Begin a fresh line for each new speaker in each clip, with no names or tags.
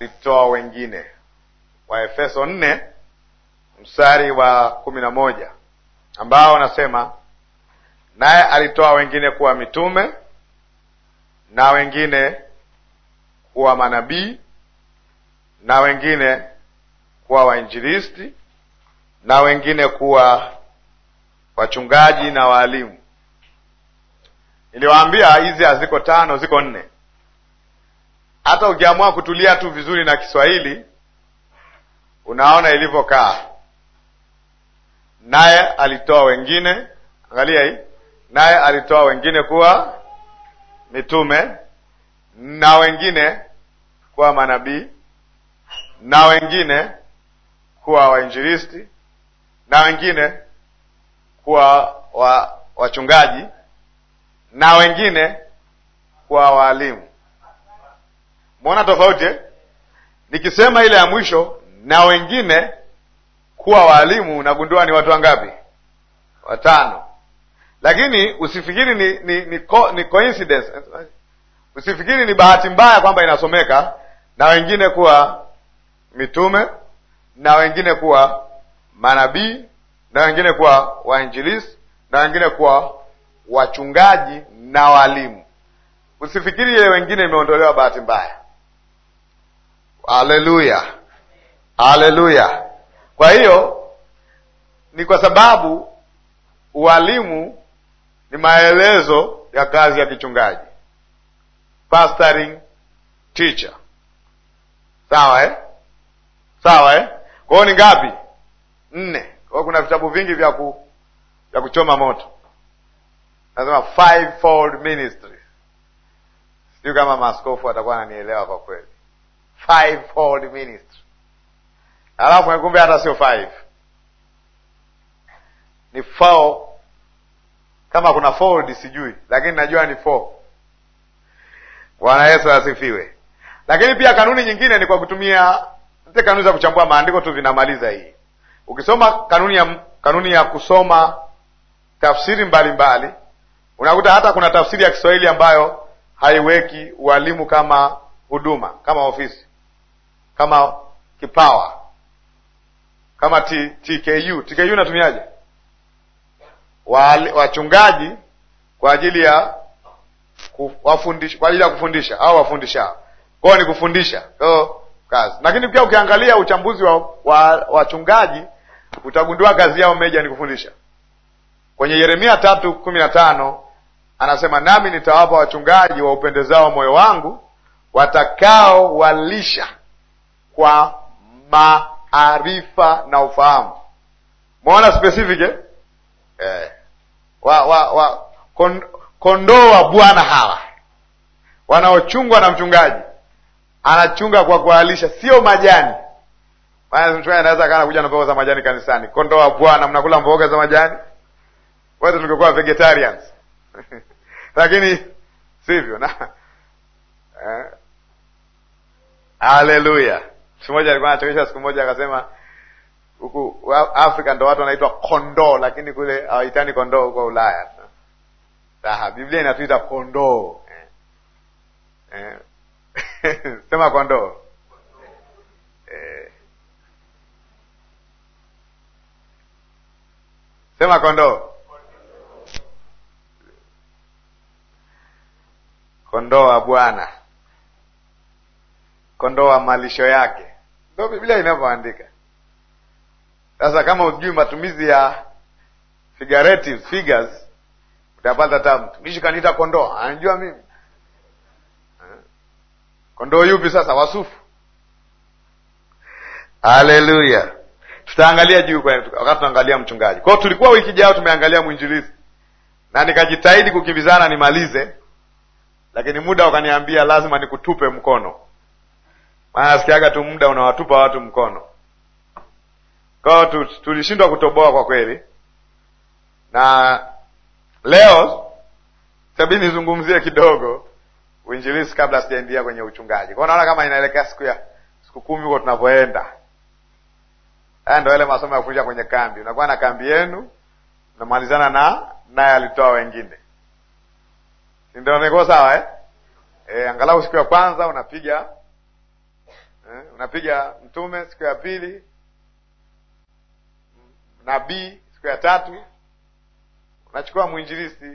litoa wengine. Waefeso nne mstari wa kumi na moja ambao wanasema naye alitoa wengine kuwa mitume na wengine kuwa manabii na wengine kuwa wainjilisti na wengine kuwa wachungaji na waalimu. Niliwaambia hizi haziko tano, ziko nne hata ukiamua kutulia tu vizuri na Kiswahili unaona ilivyokaa. Naye alitoa wengine, angalia hii, naye alitoa wengine kuwa mitume na wengine kuwa manabii na wengine kuwa wainjilisti na wengine kuwa wa, wachungaji na wengine kuwa waalimu. Mona tofauti eh? Nikisema ile ya mwisho na wengine kuwa waalimu, nagundua ni watu wangapi? Watano. Lakini usifikiri ni ni, ni, co, ni coincidence, usifikiri ni bahati mbaya kwamba inasomeka na wengine kuwa mitume na wengine kuwa manabii na wengine kuwa wainjilisti na wengine kuwa wachungaji na walimu. Usifikiri ile wengine imeondolewa bahati mbaya. Haleluya, haleluya. Kwa hiyo ni kwa sababu ualimu ni maelezo ya kazi ya kichungaji, pastoring teacher. Sawa eh? Sawa eh? Kwa hiyo ni ngapi? Nne. Kwa hiyo kuna vitabu vingi vya ku, vya kuchoma moto, nasema fivefold ministry. Sijui kama maaskofu atakuwa ananielewa kwa kweli fivefold ministry. Alafu kumbe hata sio five, ni four. Kama kuna fold sijui, lakini najua ni four. Bwana Yesu asifiwe. Lakini pia kanuni nyingine ni kwa kutumia te kanuni za kuchambua maandiko tu, vinamaliza hii. Ukisoma kanuni ya kanuni ya kusoma tafsiri mbalimbali mbali, unakuta hata kuna tafsiri ya Kiswahili ambayo haiweki ualimu kama huduma kama ofisi kama Kipawa, kama t, TKU. TKU natumiaje? Wachungaji kwa ajili ya kufundisha, kwa ajili ya kufundisha au wafundisha kwao, ni kufundisha so kazi. Lakini pia ukiangalia uchambuzi wa wachungaji wa utagundua kazi yao meja ni kufundisha. Kwenye Yeremia tatu kumi na tano anasema, nami nitawapa wachungaji wa upendezao moyo wangu, watakao walisha kwa maarifa na ufahamu. Mwaona specific eh? Eh. Wa, wa, wa, kondoo wa Bwana hawa wanaochungwa na mchungaji, anachunga kwa kuwalisha, sio majani. Maana mchungaji anaweza kana kuja na mboga za majani kanisani. Kondoo wa Bwana, mnakula mboga za majani? Wote tungekuwa vegetarians lakini sivyo na eh. Haleluya! Siku moja alikuwa anachekesha, siku moja akasema huku Afrika ndo watu wanaitwa kondoo, lakini kule hawaitani kondoo, huko Ulaya. Aha, Biblia inatuita kondoo eh. Eh. sema kondoo eh. sema kondoo. Kondoo wa Bwana, kondoo wa malisho yake ndo Biblia inavyoandika. Sasa kama ujui matumizi ya figurative figures, utapata ta mtumishi kaniita kondoo, anajua mimi eh? kondoo yupi? Sasa wasufu. Haleluya, tutaangalia juu wakati tunaangalia mchungaji. Kwa hiyo tulikuwa wiki jao tumeangalia mwinjilizi na nikajitahidi kukimbizana nimalize, lakini muda wakaniambia lazima nikutupe mkono maana ah, nasikiaga tu muda unawatupa watu mkono. kwao tulishindwa kutoboa kwa kweli, na leo tabidi nizungumzie kidogo uinjilisi kabla sijaendia kwenye uchungaji. kwao naona kama inaelekea siku ya siku kumi huko tunavyoenda. Haya ndo yale masomo ya kufundisha kwenye kambi, unakuwa na kambi yenu unamalizana na naye alitoa wengine, ndio niko sawa eh? E, angalau siku ya kwanza unapiga eh, unapiga mtume siku ya pili, nabii siku ya tatu, unachukua mwinjilisti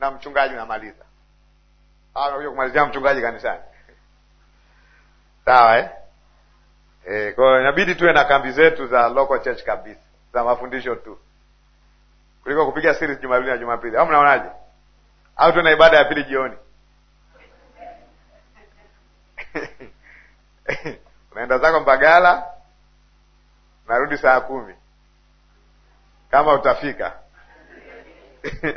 na mchungaji unamaliza. Ah, Unakuja kumalizia mchungaji kanisani sawa, eh? Eh, kwa hiyo inabidi tuwe na kambi zetu za local church kabisa za mafundisho tu kuliko kupiga series Jumapili na Jumapili, au mnaonaje? Au tuwe na ibada ya pili jioni. unaenda zako Mbagala, narudi saa kumi kama utafika.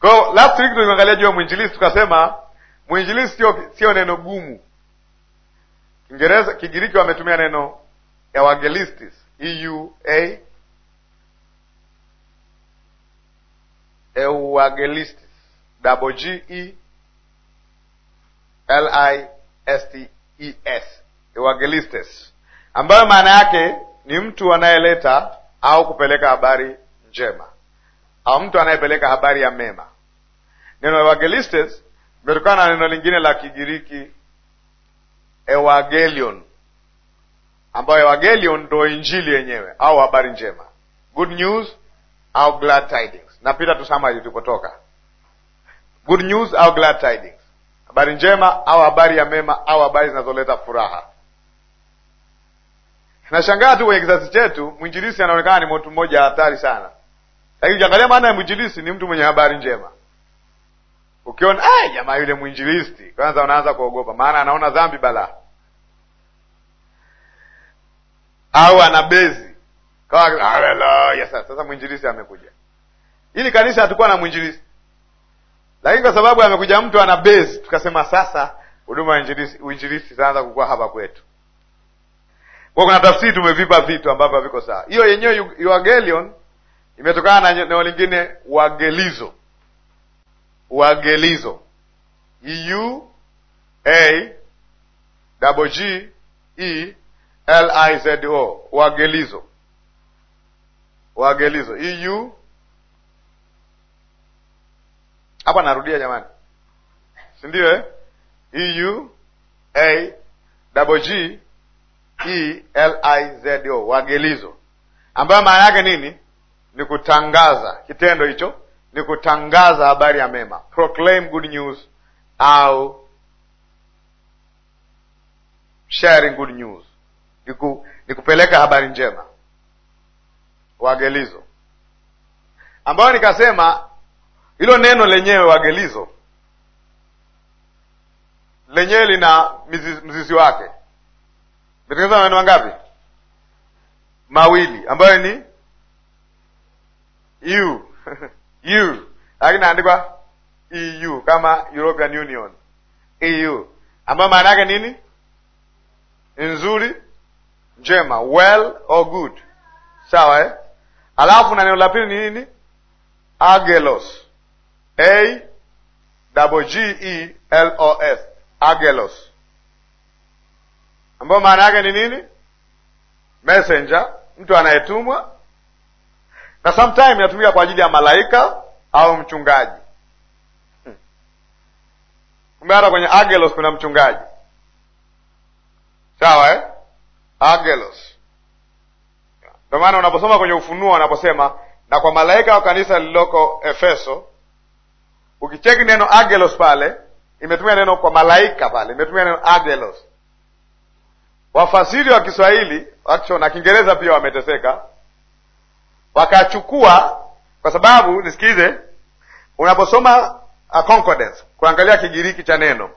Kwa last week tuliangalia juu ya mwinjilisi, tukasema mwinjilisi sio sio neno gumu. Kiingereza Kigiriki wametumia neno evangelistis, e u a evangelistis, double g e l i S T E S, ambayo maana yake ni mtu anayeleta au kupeleka habari njema au mtu anayepeleka habari ya mema. Neno evangelistes limetokana na neno lingine la Kigiriki evangelion, ambayo evangelion ndo injili yenyewe au habari njema, good news au glad tidings. Napita tu samaji tulipotoka, good news au glad tidings habari njema au habari ya mema au habari zinazoleta furaha. Nashangaa tu kwenye kizazi chetu mwinjilisi anaonekana ni mtu mmoja hatari sana, lakini ukiangalia maana ya mwinjilisi ni mtu mwenye habari njema. Ukiona jamaa yule mwinjilisti, kwanza unaanza kuogopa, maana anaona dhambi bala au anabezi kawa haleluya. Sasa mwinjilisi amekuja, ili kanisa hatukuwa na mwinjilisi lakini kwa sababu amekuja mtu ana base, tukasema sasa huduma ya uinjilisti itaanza kukua hapa kwetu. Kwa kuna tafsiri tumevipa vitu ambavyo haviko sawa. Hiyo yenyewe euangelion imetokana na neno lingine uagelizo, uagelizo e u a g e l i z o uagelizo, uagelizo e u hapa narudia jamani, si ndio eh? E u A G E L I Z O, wagelizo, ambayo maana yake nini? Ni kutangaza. Kitendo hicho ni kutangaza habari ya mema, proclaim good news au sharing good news, ni kupeleka habari njema, wagelizo, ambayo nikasema hilo neno lenyewe wagelizo lenyewe lina mzizi, wake imetengeneza maneno mangapi? Mawili ambayo ni lakini naandikwa EU kama European Union EU, ambayo maana yake nini? Nzuri, njema, well or good, sawa eh? Alafu na neno la pili ni nini? Agelos A double G E L O S Agelos, ambayo maana yake ni nini? Messenger, mtu anayetumwa, na sometimes inatumika kwa ajili ya malaika au mchungaji. Hmm. Kumbe hata kwenye Agelos kuna mchungaji, sawa eh? Agelos. Ndio maana unaposoma kwenye Ufunuo wanaposema na kwa malaika wa kanisa lililoko Efeso Ukicheki neno agelos pale, imetumia neno kwa malaika pale, imetumia neno agelos Wafasiri wa Kiswahili na Kiingereza pia wameteseka, wakachukua kwa sababu, nisikize, unaposoma a concordance, kuangalia Kigiriki cha neno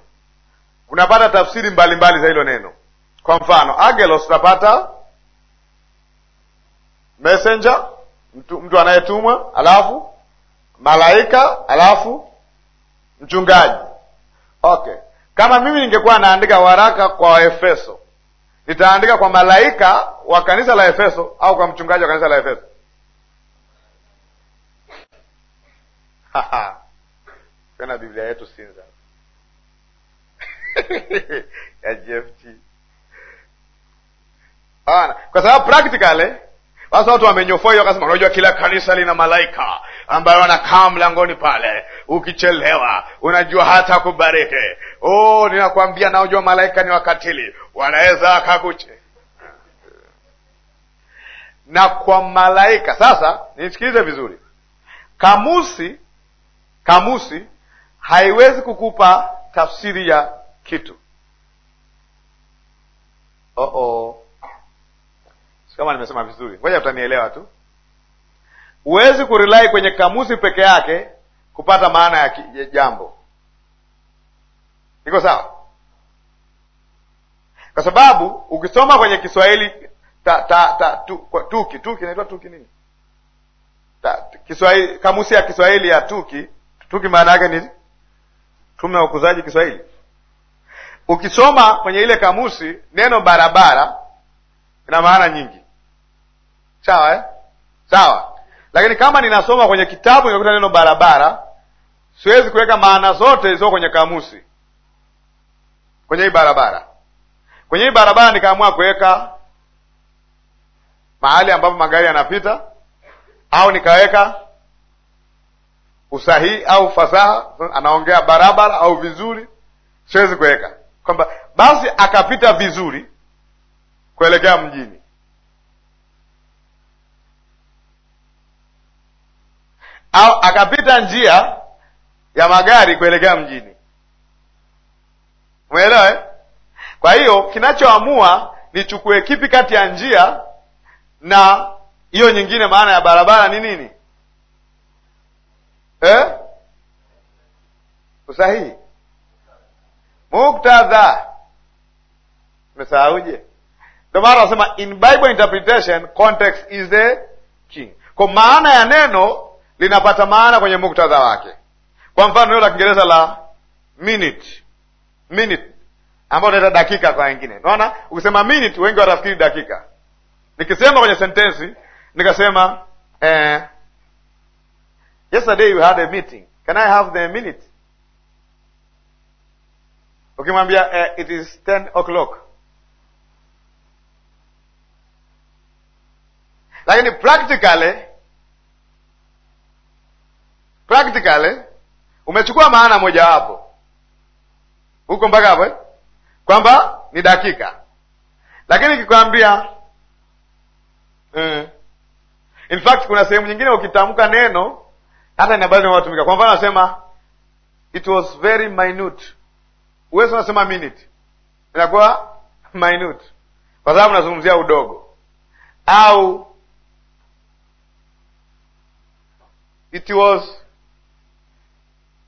unapata tafsiri mbalimbali za hilo neno. Kwa mfano agelos utapata messenger, mtu, mtu anayetumwa, alafu malaika, alafu mchungaji. Okay, kama mimi ningekuwa naandika waraka kwa Waefeso, nitaandika kwa malaika wa kanisa la Efeso au kwa mchungaji wa kanisa la Efeso? Tena Biblia yetu Sinza ya gft kwa sababu practically sasa watu wamenyofoa hiyo, wakasema unajua kila kanisa lina malaika, ambayo wanakaa mlangoni pale. Ukichelewa unajua hata kubariki. Oh, ninakwambia, naojua malaika ni wakatili, wanaweza akakuche na kwa malaika. Sasa nisikilize vizuri, kamusi kamusi haiwezi kukupa tafsiri ya kitu. Oh -oh. Sikama nimesema vizuri, ngoja utanielewa tu. Huwezi kurilai kwenye kamusi peke yake kupata maana ya jambo. Iko sawa? Kwa sababu ukisoma kwenye Kiswahili ta, ta, ta, tu, kwa, tuki tuki inaitwa tuki nini? Ta, Kiswahili, kamusi ya Kiswahili ya tuki tuki, maana yake ni tume ya ukuzaji Kiswahili. Ukisoma kwenye ile kamusi neno barabara ina maana nyingi, sawa eh? sawa lakini kama ninasoma kwenye kitabu nikakuta neno barabara, siwezi kuweka maana zote zilizo kwenye kamusi kwenye hii barabara. Kwenye hii barabara nikaamua kuweka mahali ambapo magari yanapita, au nikaweka usahihi au fasaha, anaongea barabara au vizuri. Siwezi kuweka kwamba basi akapita vizuri kuelekea mjini au akapita njia ya magari kuelekea mjini. Umeelewa eh? Kwa hiyo kinachoamua nichukue kipi kati ya njia na hiyo nyingine, maana ya barabara ni nini eh? Usahihi, muktadha. Umesahauje? Ndio maana nasema in Bible interpretation context is the king. Kwa maana ya neno linapata maana kwenye muktadha wake. Kwa mfano neno la Kiingereza la minute, minute ambayo unaita dakika kwa wengine. Unaona, ukisema minute wengi watafikiri dakika. Nikisema kwenye sentensi nikasema eh, yesterday you had a meeting, can I have the minute? Ukimwambia eh, it is ten o'clock lakini practically practically umechukua maana mojawapo huko mpaka hapo eh? kwamba ni dakika, lakini kikwambia eh. In fact kuna sehemu nyingine ukitamka neno hata ina baadhi kwa mfano nasema it was very minute, uwezo unasema minute inakuwa minute kwa sababu nazungumzia udogo, au it was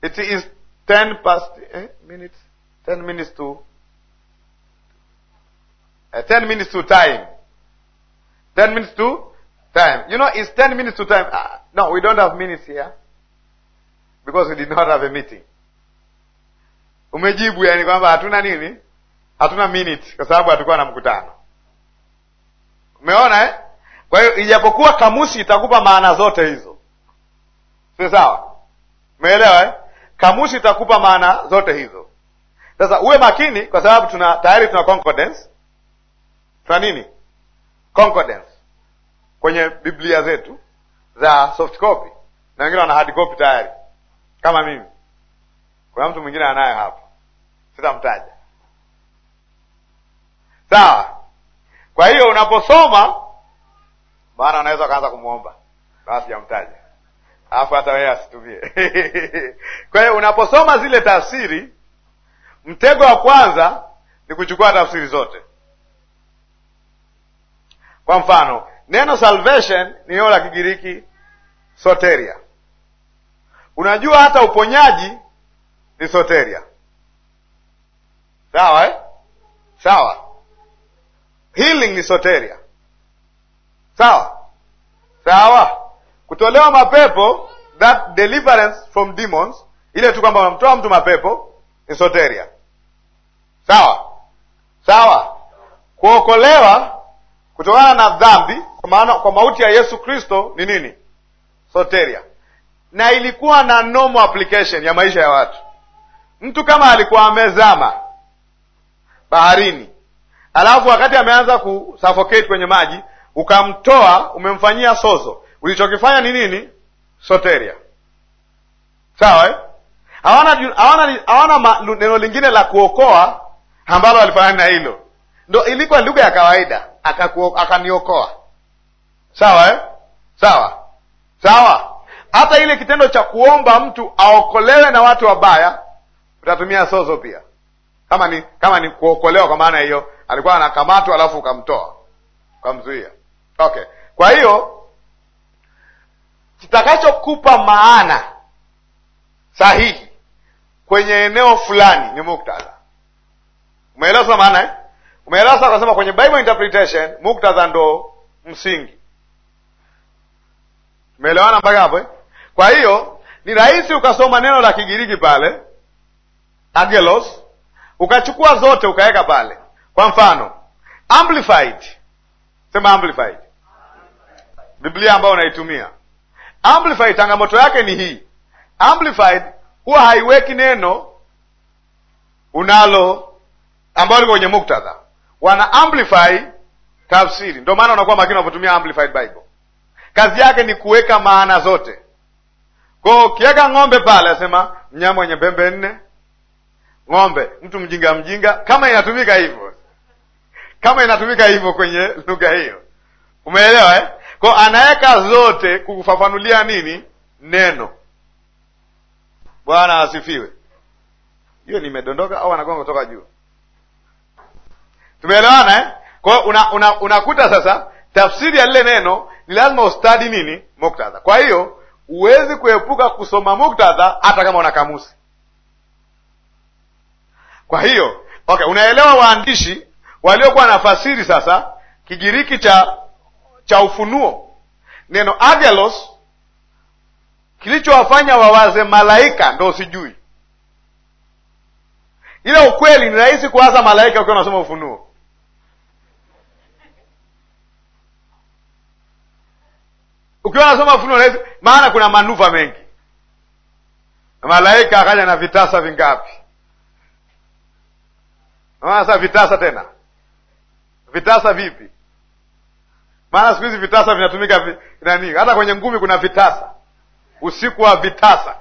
It is ten past eh, minutes, ten minutes to uh, ten minutes to time. Ten minutes to time. You know, it's ten minutes to time. Uh, no, we don't have minutes here because we did not have a meeting. Umejibu yani kwamba hatuna nini? Hatuna minute kwa sababu hatukuwa na mkutano. Umeona eh? Kwa hiyo ijapokuwa kamusi itakupa maana zote hizo. Sio sawa? Umeelewa eh? Kamushi itakupa maana zote hizo. Sasa uwe makini, kwa sababu tuna tayari tuna concordance, tuna nini concordance kwenye Biblia zetu za soft copy, na wengine wana hard copy tayari kama mimi. Kuna mtu mwingine anayo hapa, sitamtaja. Sawa. Kwa hiyo unaposoma, maana anaweza akaanza kumwomba, basi jamtaja alafu hata wewe asitumie. Kwa hiyo unaposoma zile tafsiri, mtego wa kwanza ni kuchukua tafsiri zote. Kwa mfano neno salvation ni neno la Kigiriki soteria. Unajua hata uponyaji ni soteria, sawa eh? Sawa, healing ni soteria, sawa sawa kutolewa mapepo, that deliverance from demons, ile tu kwamba unamtoa mtu mapepo ni Sawa sawa, kuokolewa kutokana na dhambi, kwa maana kwa mauti ya Yesu Kristo ni nini? Soteria. Na ilikuwa na normal application ya maisha ya watu. Mtu kama alikuwa amezama baharini, alafu wakati ameanza kusuffocate kwenye maji, ukamtoa, umemfanyia sozo ulichokifanya ni nini? Soteria, sawa eh? Hawana, hawana, neno lingine la kuokoa ambalo walifanana na hilo, ndo ilikuwa lugha ya kawaida, akaniokoa. Sawa eh? sawa sawa. Hata ile kitendo cha kuomba mtu aokolewe na watu wabaya utatumia sozo pia, kama ni kama ni kuokolewa kwa maana hiyo, alikuwa anakamatwa alafu ukamtoa ukamzuia. Okay, kwa hiyo kitakachokupa maana sahihi kwenye eneo fulani ni muktadha. Umeelewa sasa maana eh? Umeelewa sasa akasema kwenye Bible interpretation muktadha ndo msingi. Umeelewana mpaka hapo eh? Kwa hiyo ni rahisi ukasoma neno la Kigiriki pale agelos, ukachukua zote ukaweka pale. Kwa mfano amplified, sema amplified, Biblia ambayo unaitumia Amplified changamoto yake ni hii, Amplified huwa haiweki neno unalo ambalo liko kwenye muktadha, wana amplify tafsiri. Ndio maana unakuwa makini unapotumia Amplified Bible, kazi yake ni kuweka maana zote. Kwa ukiweka ng'ombe pale, asema mnyama wenye pembe nne, ng'ombe, mtu mjinga mjinga, kama inatumika hivyo, kama inatumika hivyo kwenye lugha hiyo, umeelewa eh? Kwa anaweka zote kukufafanulia nini neno. Bwana asifiwe. Hiyo nimedondoka au anagonga kutoka juu? Tumeelewana eh? kwao unakuta una, una sasa tafsiri ya lile neno ni lazima ustadi nini muktadha. Kwa hiyo huwezi kuepuka kusoma muktadha hata kama una kamusi. Kwa hiyo okay, unaelewa waandishi waliokuwa nafasiri sasa Kigiriki cha cha ufunuo. Neno agelos kilichowafanya wawaze malaika ndo sijui ila ukweli ni rahisi kuwaza malaika ukiwa unasoma Ufunuo. Ukiwa unasoma Ufunuo rahisi, maana kuna manuva mengi. Malaika akaja na vitasa vingapi? Maana sasa vitasa tena, vitasa vipi? maana siku hizi vitasa vinatumika nani, hata kwenye ngumi kuna vitasa, usiku wa vitasa,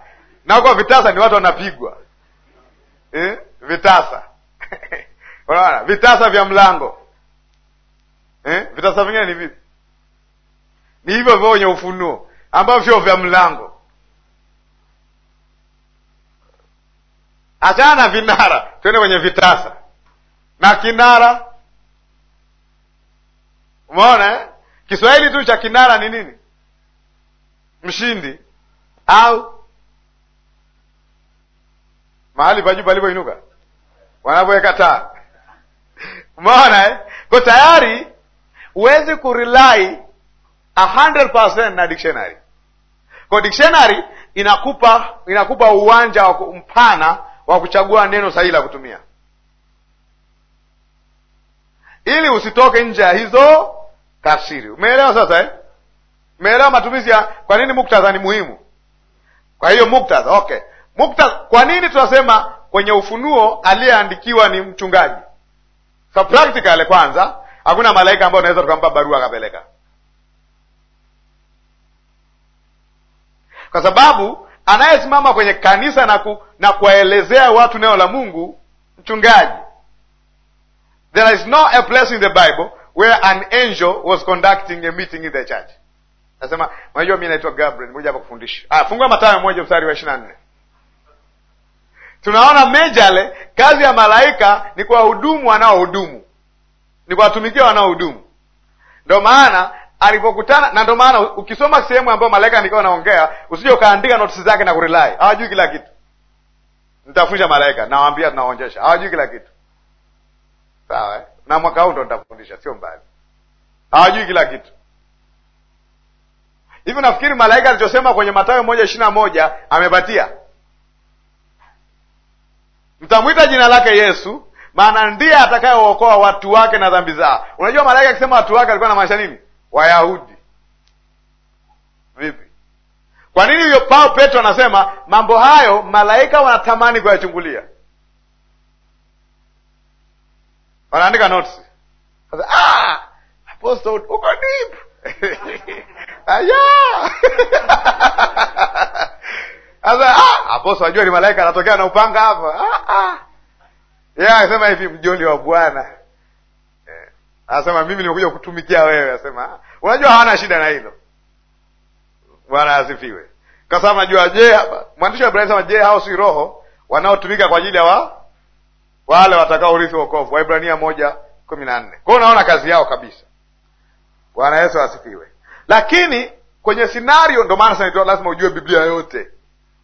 na kwa vitasa ni watu wanapigwa eh? vitasa unaona vitasa vya mlango eh? vitasa vingine ni vipi? Ni hivyo vyo wenye ufunuo ambavyo vya mlango. Achana na vinara, twende kwenye vitasa na kinara. Umeona eh? Kiswahili tu cha kinara ni nini? Mshindi au mahali pa juu palipoinuka wanapoweka taa. Umeona eh? Kwa tayari huwezi kurely 100% na dictionary. Kwa dictionary inakupa inakupa uwanja wa mpana wa kuchagua neno sahihi la kutumia ili usitoke nje ya hizo tafsiri. Umeelewa sasa eh? Umeelewa matumizi ya kwa nini muktadha ni muhimu? Kwa hiyo muktadha, okay, muktadha. Kwa nini tunasema kwenye Ufunuo aliyeandikiwa ni mchungaji? So practical, kwanza, hakuna malaika ambayo unaweza tukampa barua akapeleka, kwa sababu anayesimama kwenye kanisa na, ku, na kuwaelezea watu neno la Mungu mchungaji. There is no a place in the Bible where an angel was conducting a meeting in the church. Nasema unajua, mi naitwa Gabriel, moja hapa kufundisha. Ah, fungua Mathayo moja mstari wa ishirini nne. Tunaona mejale kazi ya malaika ni kwa wahudumu wanaohudumu, ni kwa watumikia wanaohudumu. Ndo maana alipokutana na, ndo maana ukisoma sehemu ambayo malaika nilikuwa naongea, usije ukaandika notisi zake na kurelai, hawajui kila kitu. Nitafunja malaika, nawaambia, tunawaonyesha, hawajui kila kitu, sawa eh? na mwaka huu ndo nitafundisha, sio mbali. Hawajui kila kitu. Hivi nafikiri malaika alichosema kwenye Mathayo moja ishirini na moja amepatia, mtamwita jina lake Yesu, maana ndiye atakayeokoa watu wake na dhambi zao. Unajua malaika akisema watu wake alikuwa anamaanisha nini? Wayahudi. Vipi? Kwa nini huyo Paulo Petro anasema mambo hayo malaika wanatamani kuyachungulia? wanaandika notes sasa. Ah, apostle uko deep aya sasa. Ah, apostle ah, ajua ni malaika anatokea na upanga hapa. Ah, ah. Yeah, asema hivi mjoli wa Bwana eh, anasema mimi nimekuja kutumikia wewe. Anasema ah, unajua, hawana shida na hilo. Bwana asifiwe, kwa sababu najua. Je, mwandishi wa Ibrania sema, je hao si roho wanaotumika kwa ajili ya wa wale watakao urithi wokovu, Waibrania moja kumi na nne. Kwao unaona kazi yao kabisa. Bwana Yesu asifiwe. Lakini kwenye sinario, ndo maana sasa lazima ujue Biblia yote,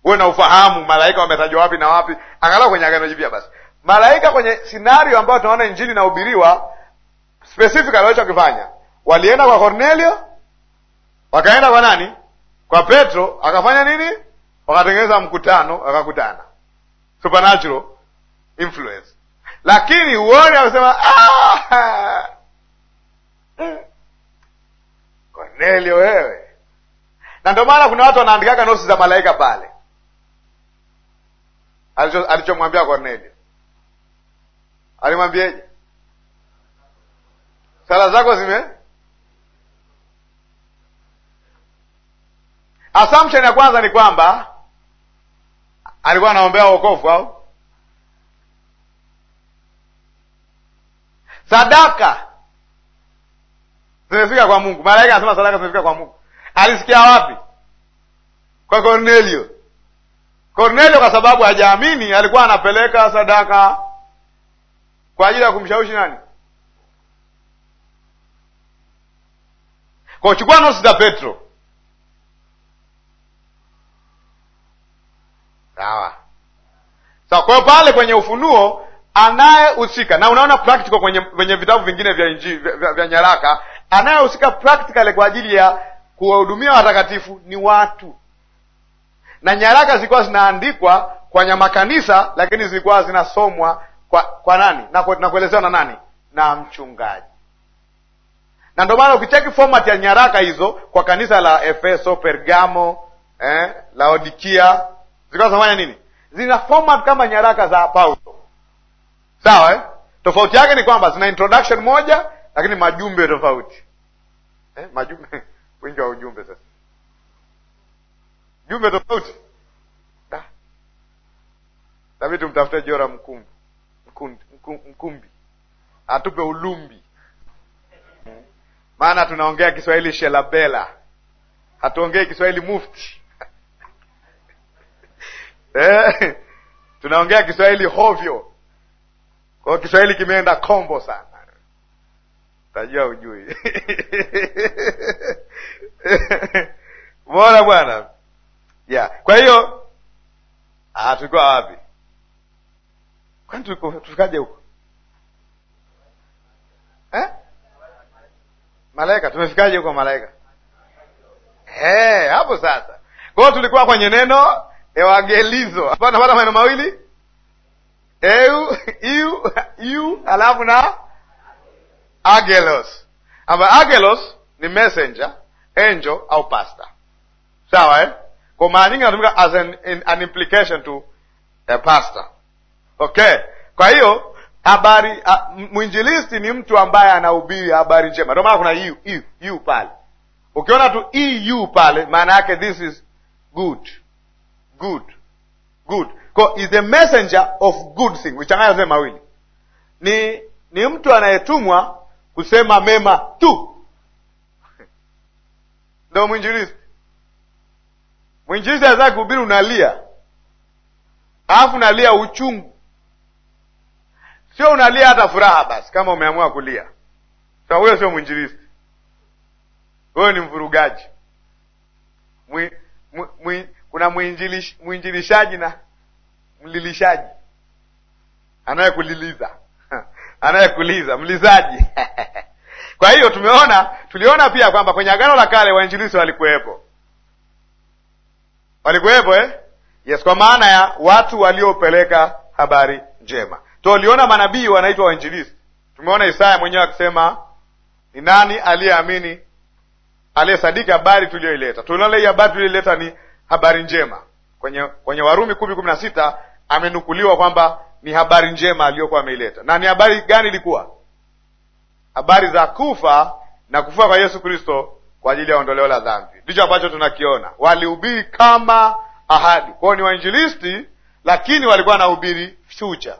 uwe na ufahamu malaika wametajwa wapi na wapi, angalau kwenye Agano Jipya. Basi malaika kwenye sinario ambayo tunaona injili inahubiriwa specifically, kifanya walienda kwa Cornelio, wakaenda kwa nani? Kwa Petro, akafanya nini? Wakatengeneza mkutano, wakakutana supernatural influence, lakini uone amesema Kornelio ah! wewe. Na ndio maana kuna watu wanaandikaga nosi za malaika pale alichomwambia Kornelio alimwambieje? Sala zako zime assumption ya kwanza ni kwamba alikuwa anaombea wokovu au sadaka zimefika kwa Mungu. Malaika anasema sadaka zimefika kwa Mungu. Alisikia wapi? Kwa Kornelio. Kornelio kwa sababu hajaamini, alikuwa anapeleka sadaka kwa ajili ya kumshawishi nani? Kwa chukua nosi za Petro, sawa sawa. Kwa pale kwenye Ufunuo anayehusika na unaona practical kwenye, kwenye vitabu vingine vya vya, vya, vya nyaraka anayehusika practically kwa ajili ya kuwahudumia watakatifu ni watu, na nyaraka zilikuwa zinaandikwa kwenye makanisa, lakini zilikuwa zinasomwa kwa kwa nani na kuelezewa na nani na mchungaji. Na ndio maana ukicheki format ya nyaraka hizo kwa kanisa la Efeso, Pergamo, eh, Laodikia zilikuwa zinafanya nini? Zina format kama nyaraka za Paulo sawa eh? Tofauti yake ni kwamba zina introduction moja, lakini majumbe tofauti eh? Majumbe wingi wa ujumbe sasa, jumbe tofauti da tumtafute Jora Mkumbi, Mkumbi, Mkumbi atupe ulumbi, maana tunaongea Kiswahili shelabela, hatuongei Kiswahili mufti eh? tunaongea Kiswahili hovyo kwa Kiswahili kimeenda kombo sana, tajua ujui mona bwana yeah. Kwa hiyo ah, tulikuwa wapi? Kwani tufikaje huko eh? Malaika, tumefikaje huko malaika? Hey, eh, hapo sasa. kwao tulikuwa kwenye neno ewangelizo, napata maneno mawili eu iu iu alafu na agelos, ambayo agelos ni messenger, angel au pasto Sawa eh? Kwa maana nyingi anatumika as an, in, an implication to a pastor. Okay, kwa hiyo habari mwinjilisti ni mtu ambaye anahubiri habari njema. Ndio maana kuna iu iu iu pale. Ukiona tu iu e, pale, maana yake this is good good good. Ko is the messenger of good thing. Uchanganya yote mawili, ni ni mtu anayetumwa kusema mema tu, ndo mwinjilisi Mwinjilizi azaa kuhubiri, unalia alafu unalia uchungu, sio unalia hata furaha. Basi kama umeamua kulia, sa huyo sio mwinjilisti huyo ni mvurugaji. Mwi, mwi, kuna mwinjilishaji na mlilishaji, anayekuliliza anayekuliza, mlizaji kwa hiyo tumeona, tuliona pia kwamba kwenye Agano la Kale wainjilisi walikuwepo, walikuwepo eh? Yes, kwa maana ya watu waliopeleka habari njema. Tuliona manabii wanaitwa wainjilisi. Tumeona Isaya mwenyewe akisema ni nani aliyeamini, aliyesadiki habari tuliyoileta. Tuliona hii habari tuliyoileta ni habari njema kwenye, kwenye Warumi kumi kumi na sita amenukuliwa kwamba ni habari njema aliyokuwa ameileta. Na ni habari gani ilikuwa? Habari za kufa na kufua kwa Yesu Kristo kwa ajili ya ondoleo la dhambi. Ndicho ambacho tunakiona, walihubiri kama ahadi. Kwao ni wainjilisti, lakini walikuwa wanahubiri future,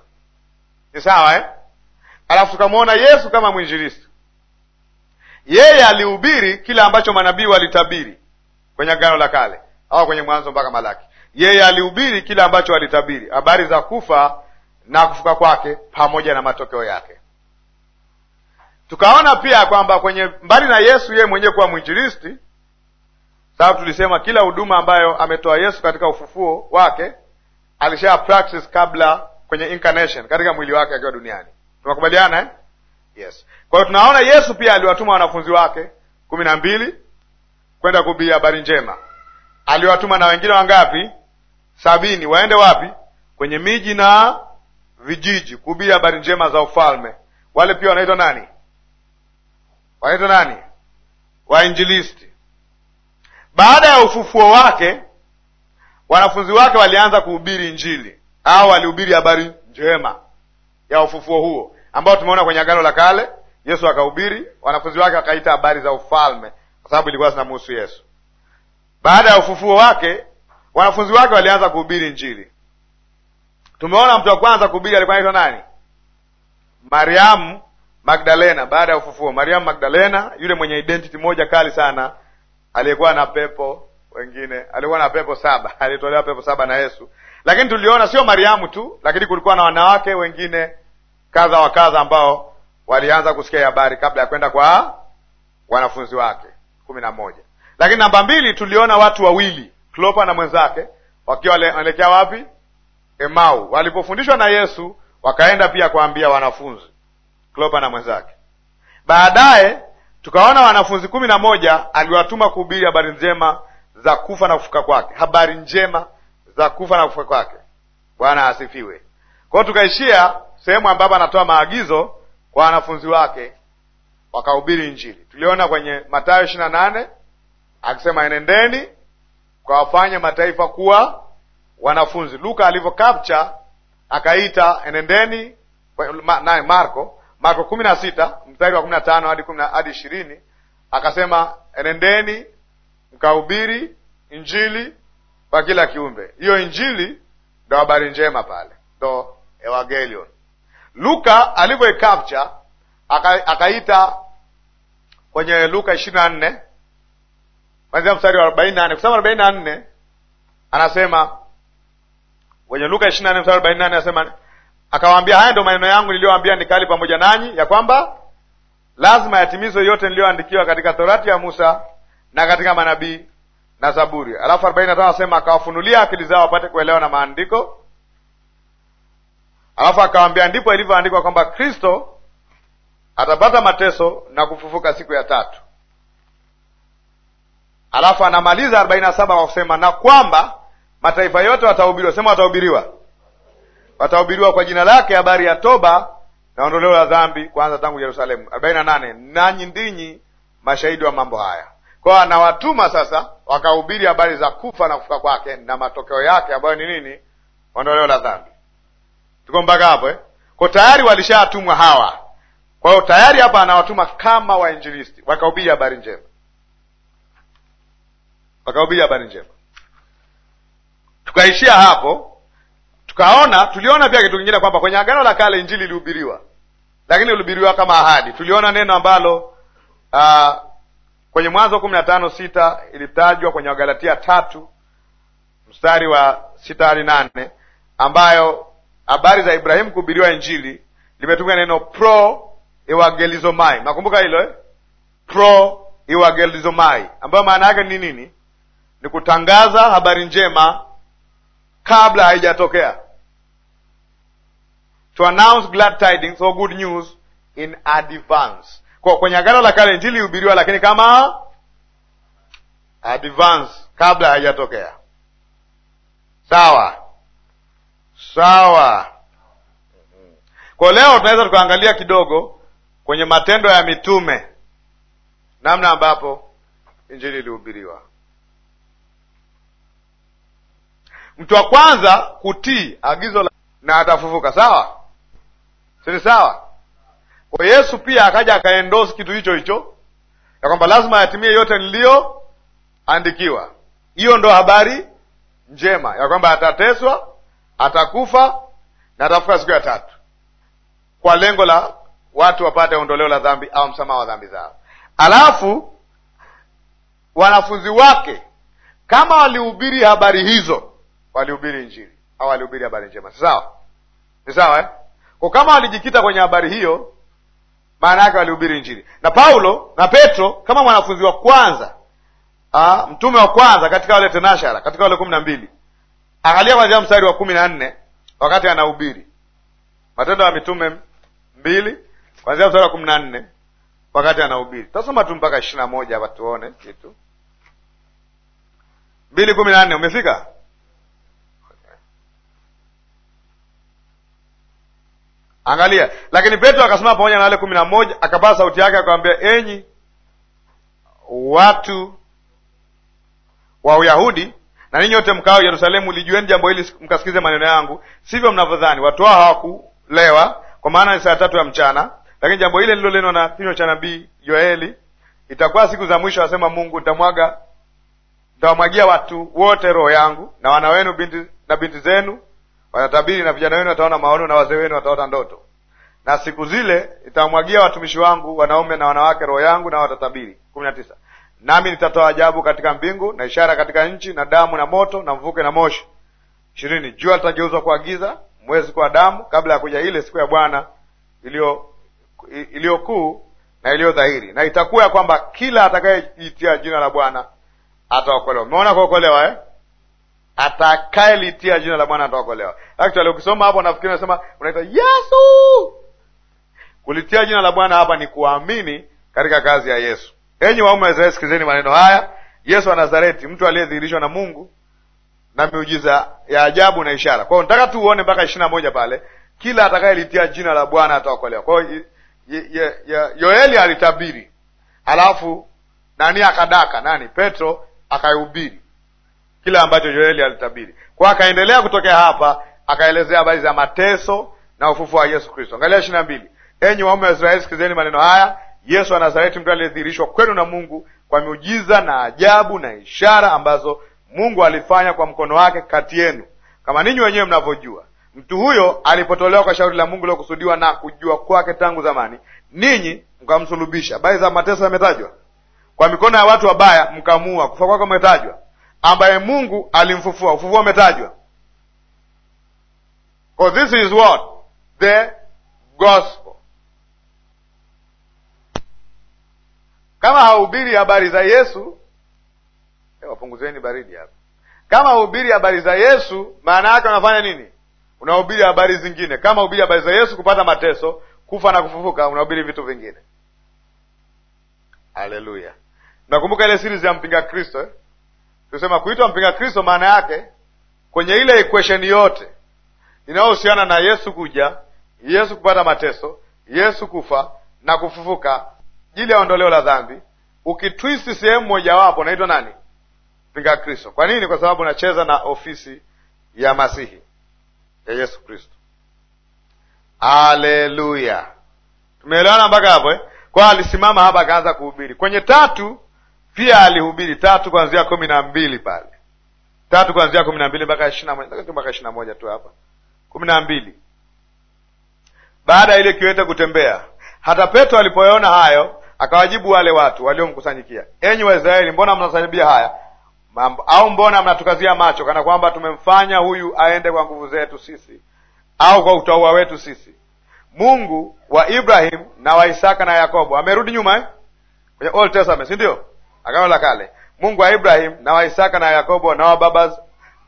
ni sawa eh? Alafu tukamwona Yesu kama mwinjilisti, yeye alihubiri kile ambacho manabii walitabiri kwenye Agano la Kale au kwenye Mwanzo mpaka Malaki. Yeye alihubiri kile ambacho alitabiri, habari za kufa na kufuka kwake pamoja na matokeo yake. Tukaona pia kwamba kwenye mbali na Yesu yeye mwenyewe kuwa mwinjiristi sababu tulisema kila huduma ambayo ametoa Yesu katika ufufuo wake alisha praxis kabla kwenye incarnation katika mwili wake akiwa duniani. Tunakubaliana eh? Yes. Kwa hiyo tunaona Yesu pia aliwatuma wanafunzi wake kumi na mbili kwenda kubia habari njema. Aliwatuma na wengine wangapi? sabini waende wapi? Kwenye miji na vijiji kuhubiri habari njema za ufalme. Wale pia wanaitwa nani? Wanaitwa nani? Wainjilisti. Baada ya ufufuo wake, wanafunzi wake walianza kuhubiri Injili au walihubiri habari njema ya ufufuo huo ambao tumeona kwenye Agano la Kale. Yesu akahubiri, wanafunzi wake wakaita habari za ufalme, kwa sababu ilikuwa zinamhusu Yesu. Baada ya ufufuo wake, wanafunzi wake walianza kuhubiri njili. Tumeona mtu wa kwanza kuhubiri alikuwa anaitwa nani? Mariamu Magdalena, baada ya ufufuo. Mariamu Magdalena, yule mwenye identity moja kali sana, aliyekuwa na pepo wengine, alikuwa na pepo saba, alitolewa pepo saba na Yesu. Lakini tuliona sio Mariamu tu, lakini kulikuwa na wanawake wengine kadha wa kadha ambao walianza kusikia habari kabla ya kwenda kwa wanafunzi wake kumi na moja. Lakini namba mbili, tuliona watu wawili Klopa na mwenzake wakiwa wanaelekea wapi? Emau. Walipofundishwa na Yesu wakaenda pia kuambia wanafunzi, Klopa na mwenzake. Baadaye tukaona wanafunzi kumi na moja aliwatuma kuhubiri habari njema za kufa na kufuka kwake, habari njema za kufa na kufuka kwake. Bwana asifiwe. Kwa tukaishia sehemu ambapo anatoa maagizo kwa wanafunzi wake wakahubiri Injili. Tuliona kwenye Mathayo ishirini na nane akisema enendeni ukawafanya mataifa kuwa wanafunzi. Luka alivyokapcha akaita enendeni naye Marko, Marko kumi na sita mstari wa kumi na tano hadi hadi ishirini akasema enendeni mkahubiri injili kwa kila kiumbe. Hiyo injili ndo habari njema pale, ndo evangelion. Luka alivyoikapcha akaita kwenye Luka ishirini na nne kwanzia mstari wa arobaini nane kusema arobaini na nne anasema wenye Luka ishirini na nne mstari arobaini nane anasema akawaambia, haya ndo maneno yangu niliyoambia nikali pamoja nanyi, ya kwamba lazima yatimizwe yote niliyoandikiwa katika Torati ya Musa na katika manabii na Zaburi. Alafu arobaini na tano anasema akawafunulia akili zao wapate kuelewa na maandiko. Alafu akawaambia, ndipo ilivyoandikwa kwamba Kristo atapata mateso na kufufuka siku ya tatu alafu anamaliza arobaini na saba kwa kusema na kwamba mataifa yote watahubiriwa, sema watahubiriwa, watahubiriwa kwa jina lake habari ya toba na ondoleo la dhambi, kwanza tangu Yerusalemu. arobaini na nane nanyi ndinyi mashahidi wa mambo haya. Kwao anawatuma sasa wakahubiri habari za kufa na kufuka kwake na matokeo yake ambayo ni nini? Ondoleo la dhambi. Tuko mpaka hapo eh? Kwa tayari walishatumwa hawa, kwa hiyo tayari hapa anawatuma kama wainjilisti wakahubiri habari njema wakahubiri habari njema. Tukaishia hapo, tukaona tuliona pia kitu kingine kwamba kwenye Agano la Kale Injili ilihubiriwa, lakini ilihubiriwa kama ahadi. Tuliona neno ambalo uh, kwenye Mwanzo kumi na tano sita ilitajwa kwenye Wagalatia tatu mstari wa sita hadi nane ambayo habari za Ibrahimu kuhubiriwa Injili limetumia neno pro ewagelizomai. Nakumbuka hilo eh? pro ewagelizomai ambayo maana yake ni nini? ni kutangaza habari njema kabla haijatokea, to announce glad tidings or good news in advance. Kwa kwenye agano la kale injili hubiriwa, lakini kama advance, kabla haijatokea. Sawa sawa. Kwa leo tunaweza tukaangalia kidogo kwenye Matendo ya Mitume, namna ambapo injili ilihubiriwa. Mtu wa kwanza kutii agizo la na atafufuka, sawa, sini sawa? Kwa Yesu pia akaja akaendosi kitu hicho hicho ya kwamba lazima yatimie yote niliyoandikiwa. Hiyo ndo habari njema ya kwamba atateswa, atakufa na atafuka siku ya tatu, kwa lengo la watu wapate ondoleo la dhambi au msamaha wa dhambi zao. Alafu wanafunzi wake kama walihubiri habari hizo walihubiri Injili au walihubiri habari njema. Sawa, ni sawa eh? Kwa kama walijikita kwenye habari hiyo, maana yake walihubiri Injili. Na Paulo na Petro kama mwanafunzi wa kwanza aa, ah, mtume wa kwanza katika wale tenashara, katika wale kumi na mbili, angalia kwanzia mstari wa kumi na nne wakati anahubiri. Matendo ya Mitume mbili kwanzia mstari wa kumi na nne wakati anahubiri. Tutasoma tu mpaka ishirini na moja hapa tuone kitu mbili kumi na nne. Umefika? Angalia, lakini Petro akasimama pamoja na wale kumi na moja, akapaza sauti yake akamwambia, enyi watu wa Uyahudi na ninyi wote mkao Yerusalemu, lijueni jambo hili, mkasikize maneno yangu, sivyo mnavyodhani. Watu hao hawakulewa, kwa maana ni saa tatu ya mchana, lakini jambo hili lilolenwa na kinywa cha nabii Yoeli, itakuwa siku za mwisho, asema Mungu, nitamwaga nitawamwagia watu wote roho yangu, na wana wenu binti, na binti zenu watatabiri, na vijana wenu wataona maono, na wazee wenu wataota ndoto. Na siku zile nitamwagia watumishi wangu wanaume na wanawake roho yangu, na watatabiri. kumi na tisa nami nitatoa ajabu katika mbingu na ishara katika nchi na damu na moto na mvuke na moshi. ishirini jua litageuzwa kwa giza, mwezi kwa damu, kabla ya kuja ile siku ya Bwana iliyo na iliyo dhahiri. Na itakuwa ya kwamba kila atakayejitia jina la Bwana ataokolewa. Umeona kuokolewa eh? atakaelitia jina la Bwana ataokolewa. Actually ukisoma hapo nafikiri unasema unaita Yesu. Kulitia jina la Bwana hapa ni kuamini katika kazi ya Yesu. Enyi waume wa Israeli, sikilizeni maneno haya. Yesu wa Nazareti, mtu aliyedhihirishwa na Mungu na miujiza ya ajabu na ishara. Kwa hiyo nataka tu uone mpaka ishirini na moja pale, kila atakayelitia jina la Bwana ataokolewa. Kwa hiyo Yoeli alitabiri, alafu nani akadaka, nani Petro akaihubiri kile ambacho Yoeli alitabiri. Kwa akaendelea kutokea hapa, akaelezea habari za mateso na ufufu wa Yesu Kristo. Angalia ishirini na mbili, enyi waume wa Israeli, sikilizeni maneno haya, Yesu wa Nazareti, mtu aliyedhihirishwa kwenu na Mungu kwa miujiza na ajabu na ishara ambazo Mungu alifanya kwa mkono wake kati yenu, kama ninyi wenyewe mnavyojua. Mtu huyo alipotolewa kwa shauri la Mungu lilokusudiwa na kujua kwake tangu zamani, ninyi mkamsulubisha. Habari za mateso yametajwa, kwa mikono ya watu wabaya mkamua, kufa kwake umetajwa, ambaye Mungu alimfufua. Ufufuo umetajwa. Oh, this is what the gospel. Kama haubiri habari za Yesu, eh, wapunguzeni baridi hapa. Kama haubiri habari za Yesu, maana yake unafanya nini? Unahubiri habari zingine. Kama ubiri habari za Yesu, kupata mateso, kufa na kufufuka, unahubiri vitu vingine. Haleluya! Nakumbuka ile series ya mpinga Kristo eh? Tusema kuitwa mpinga Kristo maana yake kwenye ile equation yote inayohusiana na Yesu kuja, Yesu kupata mateso, Yesu kufa na kufufuka ajili ya ondoleo la dhambi, ukitwisti sehemu mojawapo unaitwa nani? Mpinga Kristo. Kwa nini? Kwa sababu unacheza na ofisi ya masihi ya Yesu Kristo. aleluya tumeelewana mpaka hapo eh? Kwa alisimama hapa akaanza kuhubiri kwenye tatu pia alihubiri tatu kuanzia kumi na mbili pale tatu kuanzia kumi na mbili mpaka ishirini na moja mpaka ishirini na moja tu hapa kumi na mbili baada ya ile kiwete kutembea. Hata Petro alipoyaona hayo, akawajibu wale watu waliomkusanyikia, enyi Waisraeli, mbona mnasanibia haya mambo? Au mbona mnatukazia macho kana kwamba tumemfanya huyu aende kwa nguvu zetu sisi au kwa utaua wetu sisi? Mungu wa Ibrahimu na wa Isaka na Yakobo amerudi nyuma eh? Old Testament, si ndio? agano la kale, Mungu wa Ibrahim na wa Isaka na Yakobo na wa baba,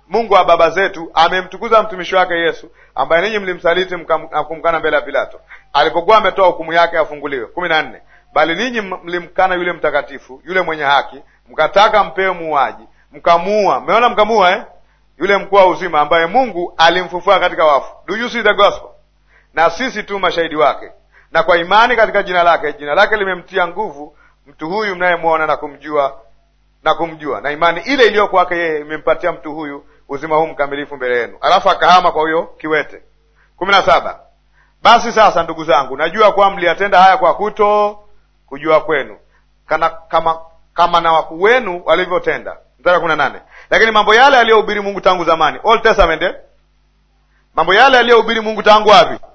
Mungu wa baba zetu amemtukuza mtumishi wake Yesu, ambaye ninyi mlimsaliti na kumkana mbele ya Pilato alipokuwa ametoa hukumu yake afunguliwe. kumi na nne bali ninyi mlimkana yule mtakatifu, yule mwenye haki, mkataka mpewe muuaji, mkamuua. Mmeona, mkamuua eh? yule mkuu wa uzima ambaye Mungu alimfufua katika wafu. Do you see the gospel? Na sisi tu mashahidi wake, na kwa imani katika jina lake, jina lake limemtia nguvu mtu huyu mnayemwona na kumjua na kumjua na imani ile iliyo kwake yeye imempatia mtu huyu uzima huu mkamilifu mbele yenu. Alafu akahama kwa huyo kiwete. kumi na saba. Basi sasa, ndugu zangu, najua kuwa mliyatenda haya kwa kuto kujua kwenu, kana kama kama na wakuu wenu walivyotenda. Mstari kumi na nane. Lakini mambo yale aliyohubiri Mungu tangu zamani, Old Testament, eh? mambo yale aliyohubiri Mungu tangu wapi?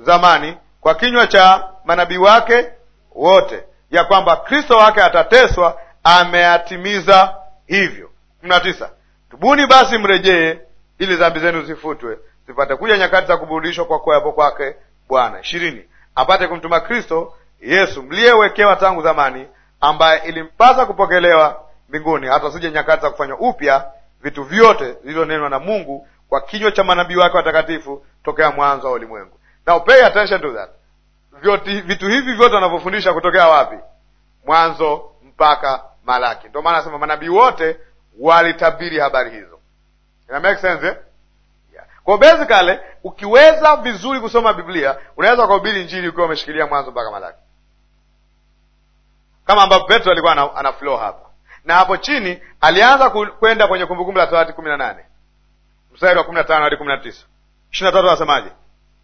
Zamani, kwa kinywa cha manabii wake wote ya kwamba Kristo wake atateswa, ameyatimiza hivyo. kumi na tisa tubuni basi mrejee, ili dhambi zenu zifutwe, zipate kuja nyakati za kuburudishwa kwa kuwepo kwake Bwana. ishirini apate kumtuma Kristo Yesu mliyewekewa tangu zamani, ambaye ilimpasa kupokelewa mbinguni, hata sije nyakati za kufanywa upya vitu vyote vilivyonenwa na Mungu kwa kinywa cha manabii wake watakatifu tokea mwanzo wa ulimwengu. Now pay attention to that vyote vitu hivi vyote wanavyofundisha kutokea wapi? Mwanzo mpaka Malaki. Ndio maana nasema manabii wote walitabiri habari hizo. Ina make sense eh? Yeah. Kwa basically ukiweza vizuri kusoma Biblia unaweza kuhubiri injili ukiwa umeshikilia Mwanzo mpaka Malaki, kama ambapo Petro alikuwa ana, ana flow hapa na hapo chini. Alianza kwenda kwenye Kumbukumbu la Torati 18. mstari wa 15 hadi 19. 23 anasemaje?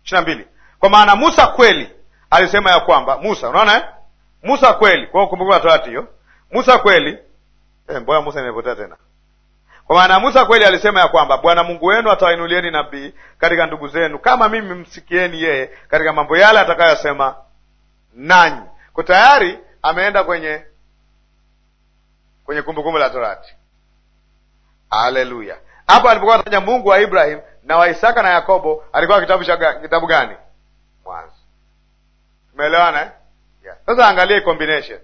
22. kwa maana Musa kweli alisema ya kwamba Musa, unaona eh? Musa kweli, kwa kumbukumbu la Torati hiyo, Musa kweli eh, mbona Musa imepotea tena? Kwa maana Musa kweli alisema ya kwamba Bwana Mungu wenu atawainulieni nabii katika ndugu zenu kama mimi, msikieni yeye katika mambo yale atakayosema nanyi. Kwa tayari ameenda kwenye kwenye kumbukumbu la Torati. Haleluya! Hapo alipokuwa anataja Mungu wa Ibrahim na wa Isaka na Yakobo, alikuwa kitabu cha kitabu gani? Mwanzo. Umeelewana eh? Yeah. Sasa angalia combination.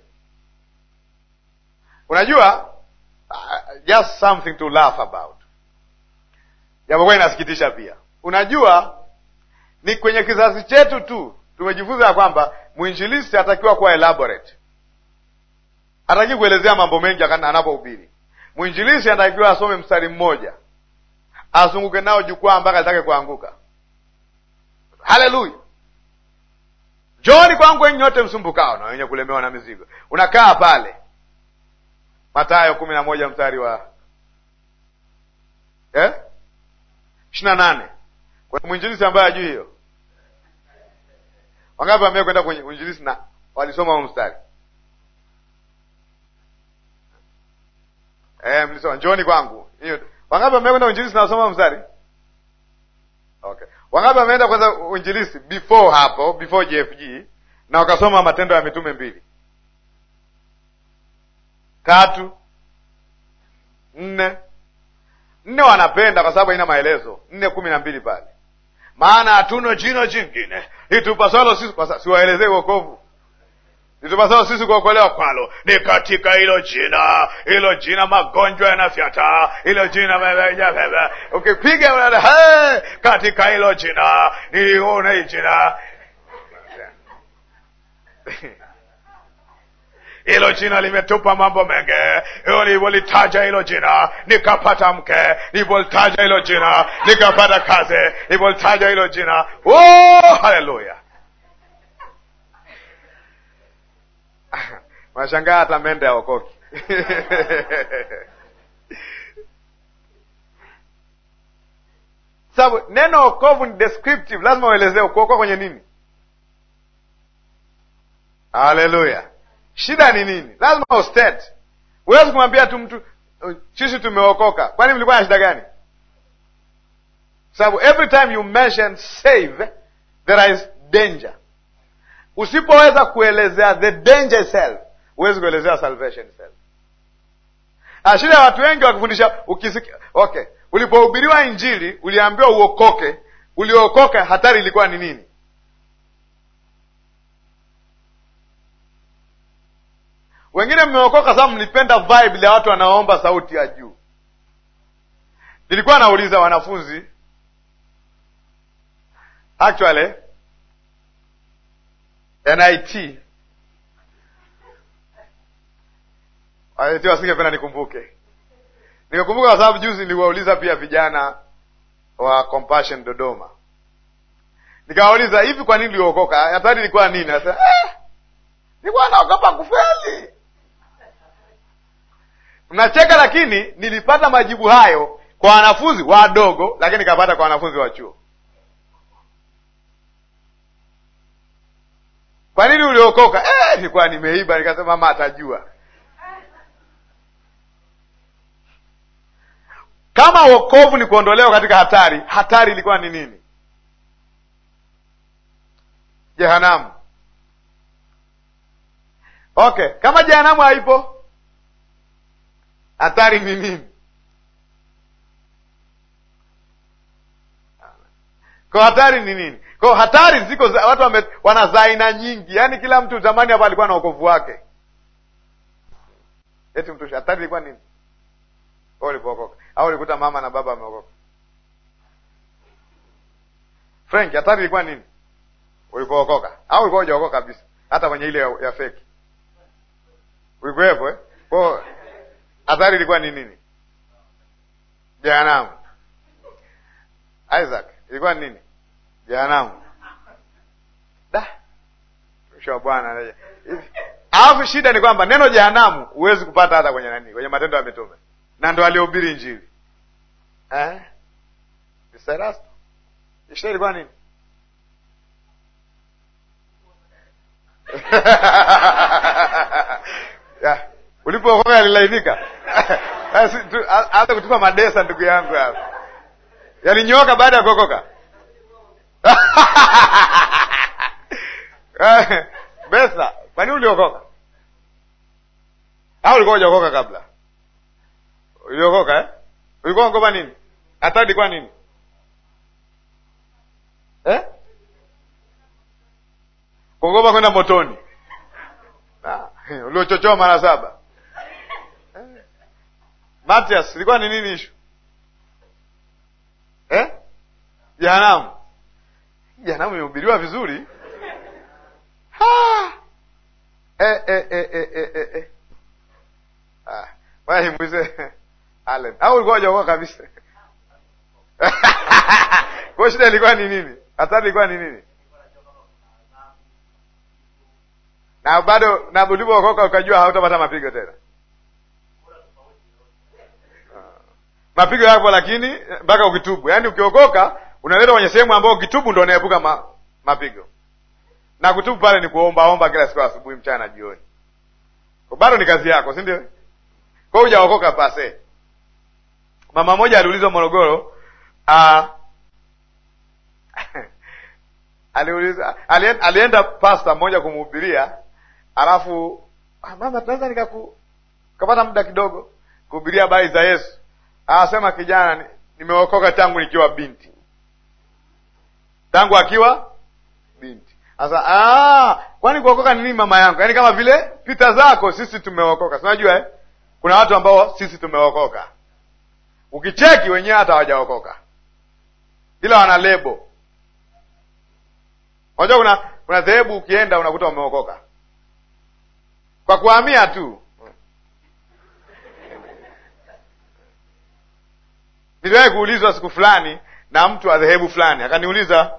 Unajua uh, just something to laugh about. Japokuwa inasikitisha pia. Unajua ni kwenye kizazi chetu tu tumejifunza ya kwamba mwinjilisti atakiwa kuwa elaborate. Hataki kuelezea mambo mengi anapohubiri. Mwinjilisti anatakiwa asome mstari mmoja, azunguke nao jukwaa mpaka litake kuanguka. Haleluya! njoni kwangu enyi nyote msumbukao na wenye kulemewa na mizigo. Unakaa pale Mathayo kumi na moja mstari wa eh? na nane. Kuna mwinjilisi ambaye ajui hiyo. Wangapi ambao kwenda kwenye uinjilisi na walisoma huo mstari eh? Mlisoma njoni kwangu hiyo. Wangapi ambao kwenda uinjilisi na wasoma mstari Okay, wangapi wameenda kwanza uinjilisi before hapo, before JFG na wakasoma Matendo ya Mitume mbili tatu nne nne wanapenda kwa sababu haina maelezo. nne kumi na mbili pale, maana hatuno jino jingine itupasalo sisi, siwaelezee wokovu Itupasao sisi kuokolewa kwalo ni katika hilo jina, hilo jina magonjwa yanafyata, hilo jina ukipiga okay, hey, katika hilo jina niliona hii jina hilo jina limetupa mambo mengi. Nilipolitaja hilo jina nikapata mke, nilipolitaja hilo jina nikapata kazi, nilipolitaja hilo jina oh, haleluya! Unashangaa hata mende aokoki sababu neno okovu ni descriptive, lazima uelezee ukuokoa kwenye nini. Haleluya! shida ni nini? Lazima ustet Huwezi kumwambia tu mtu sisi tumeokoka, kwani mlikuwa na shida gani? Sababu every time you mention save there is danger. Usipoweza kuelezea the danger itself huwezi kuelezea salvation sasa. Ah, shida ya watu wengi wakifundisha ukisikia, okay, ulipohubiriwa Injili uliambiwa uokoke, uliokoka, hatari ilikuwa ni nini? Wengine mmeokoka sababu mlipenda vibe ya watu wanaoomba sauti ya juu. Nilikuwa nauliza wanafunzi actually NIT Aleteo asingependa nikumbuke. nikakumbuka kwa sababu juzi niliwauliza pia vijana wa Compassion Dodoma, nikawauliza hivi, kwa nini uliokoka? Hatari ilikuwa nini? Nasema eh, nilikuwa naogopa kufeli. Mnacheka, lakini nilipata majibu hayo kwa wanafunzi wadogo, lakini nikapata kwa wanafunzi wa chuo. Kwa nini uliokoka? Eh, nilikuwa nimeiba. Nikasema mama atajua Kama wokovu ni kuondolewa katika hatari, hatari ilikuwa ni nini? Jehanamu. Okay, kama jehanamu haipo, hatari ni nini? Kwa hatari ni nini? Kwa hatari ziko watu wame, wana za aina nyingi, yaani kila mtu zamani hapa alikuwa na wokovu wake. Eti mtu hatari ilikuwa nini? ulipookoka au ulikuta mama na baba ameokoka Frank, hatari ilikuwa nini ulipookoka? Au ulikuwa ujaokoka kabisa? Hata kwenye ile ya, ya feki ulikuwepo eh? ko hatari ilikuwa ni nini? Jehanamu. Isaac, ilikuwa ni nini? Jehanamu. Da. sha Bwana. Eh. Alafu shida ni kwamba neno jehanamu huwezi kupata hata kwenye nani? Kwenye matendo ya mitume na ndo aliyehubiri Injili eh? Erasto ilikuwa nini? ulipookoka yalilainika aanza kutupa madesa, ndugu yangu, hapa yalinyoka baada ya kuokoka. Eh, Besa, kwani uliokoka au ulikuwa hujaokoka kabla? uliokoka eh? ulikuwa unaogopa nini? hatari ilikuwa nini eh? kuogopa kwenda motoni ah, eh, uliochochoa mara saba eh? Matias, ilikuwa ni nini ishu eh? Jehanamu, imehubiriwa vizuri eh, eh, eh, eh, eh, eh, eh. Ah, Allen au ulikuwa hujaokoka kabisa? Kwa shida ilikuwa ni nini? Hatari ilikuwa ni nini? Na bado na ulipookoka ukajua hautapata mapigo tena. Ah. Mapigo yapo lakini mpaka ukitubu. Yaani ukiokoka unaletwa kwenye sehemu ambayo ukitubu ndo unaepuka ma, mapigo. Na kutubu pale ni kuombaomba kila siku asubuhi, mchana na jioni. bado ni kazi yako, si ndio? Kwa hiyo hujaokoka pase. Mama mmoja aliulizwa Morogoro, aliuliza alienda, alienda pasta mmoja kumhubiria, alafu ah, mama, tunaweza nikaku kapata muda kidogo kuhubiria habari za Yesu? Anasema kijana, nimeokoka tangu nikiwa binti, tangu akiwa binti. asa ah, kwani kuokoka ni nini mama yangu? Yaani kama vile pita zako, sisi tumeokoka. sinajua eh? kuna watu ambao sisi tumeokoka Ukicheki wenyewe hata hawajaokoka, ila wana lebo. Unajua kuna kuna dhehebu ukienda unakuta umeokoka kwa kuhamia tu. Niliwahi kuulizwa siku fulani na mtu wa dhehebu fulani, akaniuliza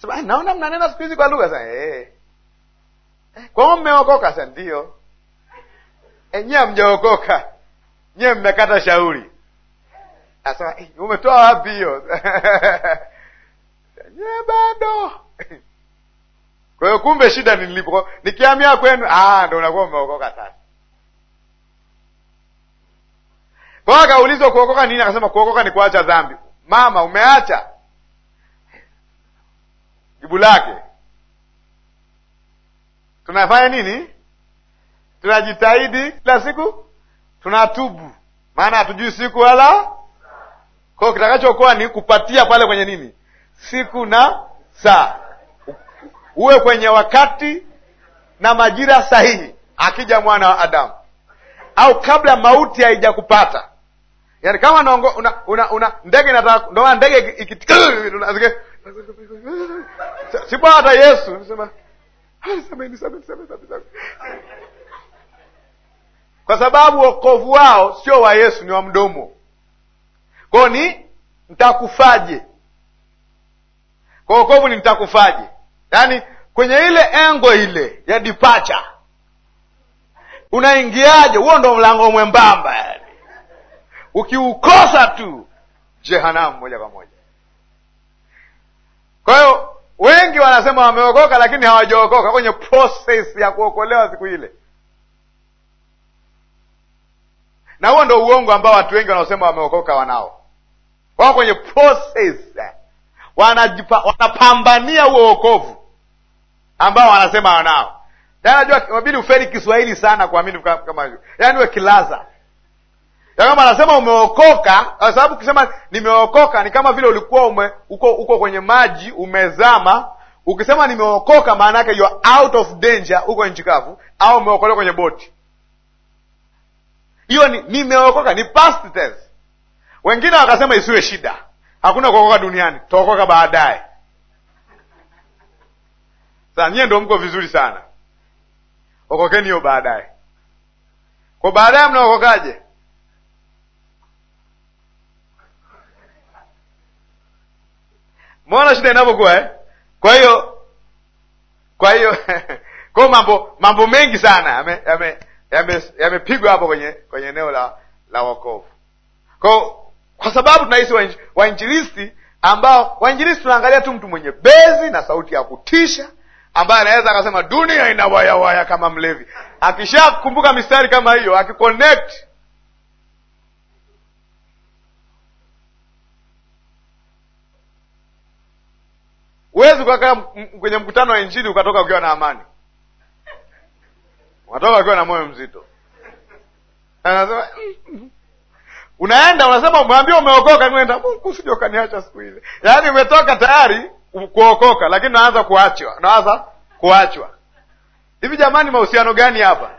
sema, naona mnanena siku hizi kwa lugha sana hey. Eh, eh. eh, kwa hiyo mmeokoka? Sa ndio. enyewe nyewe mjaokoka, nyewe mmekata shauri. Asema umetoa wapi hiyo? bado kwa hiyo kumbe shida nilipo nikiamia kwenu, ah, ndo unakuwa umeokoka sasa. Kwa hiyo akaulizwa kuokoka nini? Akasema kuokoka ni kuacha dhambi. Mama, umeacha? Jibu lake tunafanya nini? Tunajitahidi kila siku, tunatubu, maana hatujui siku wala kwa hiyo kitakachokuwa ni kupatia pale kwenye nini, siku na saa, uwe kwenye wakati na majira sahihi, akija mwana wa Adamu au kabla mauti haijakupata ya yaani, kama ndege una, una, una, inataka ndio maana ndege sipo hata Yesu kwa sababu wokovu wao sio wa Yesu, ni wa mdomo kwao ni ntakufaje. Kwa wokovu ni ntakufaje, yaani kwenye ile engo ile ya dipacha unaingiaje? Huo ndo mlango mwembamba, yani ukiukosa tu jehanamu moja kwa moja. Kwa hiyo wengi wanasema wameokoka, lakini hawajaokoka kwenye proses ya kuokolewa siku ile, na huo ndo uongo ambao watu wengi wanaosema wameokoka wanao wako kwenye process, wanapambania huo wokovu ambao wanasema wanao. Yaani Najua inabidi ufeli Kiswahili sana kuamini kama hivyo, yaani we kilaza ya kama anasema umeokoka, kwa sababu ukisema nimeokoka ni kama vile ulikuwa ume, uko, uko kwenye maji umezama. Ukisema nimeokoka, maana yake you are out of danger, uko nchi kavu au umeokolewa kwenye boti. Hiyo nimeokoka ni past tense. Wengine wakasema isiwe shida, hakuna kuokoka duniani, tutaokoka baadaye. Sasa nyie ndo mko vizuri sana, okokeni hiyo baadaye. Kwa baadaye mnaokokaje? Mwaona shida inavyokuwa eh? Kwa hiyo kwa hiyo kwa mambo mambo mengi sana yamepigwa yame, yame hapo kwenye kwenye eneo la la wokovu kwao kwa sababu tunahisi wainjilisti ambao wainjilisti tunaangalia tu mtu mwenye bezi na sauti ya kutisha ambaye anaweza akasema dunia ina wayawaya kama mlevi. Akishakumbuka mistari kama hiyo, akiconnect huwezi ukakaa kwenye mkutano wa Injili ukatoka ukiwa na amani, unatoka ukiwa na moyo mzito, anasema mm, mm, mm unaenda unasema, umeambia umeokoka, nenda Mungu usije ukaniacha siku ile. Yaani umetoka tayari kuokoka, lakini naanza kuachwa, naanza kuachwa hivi. Jamani, mahusiano gani hapa?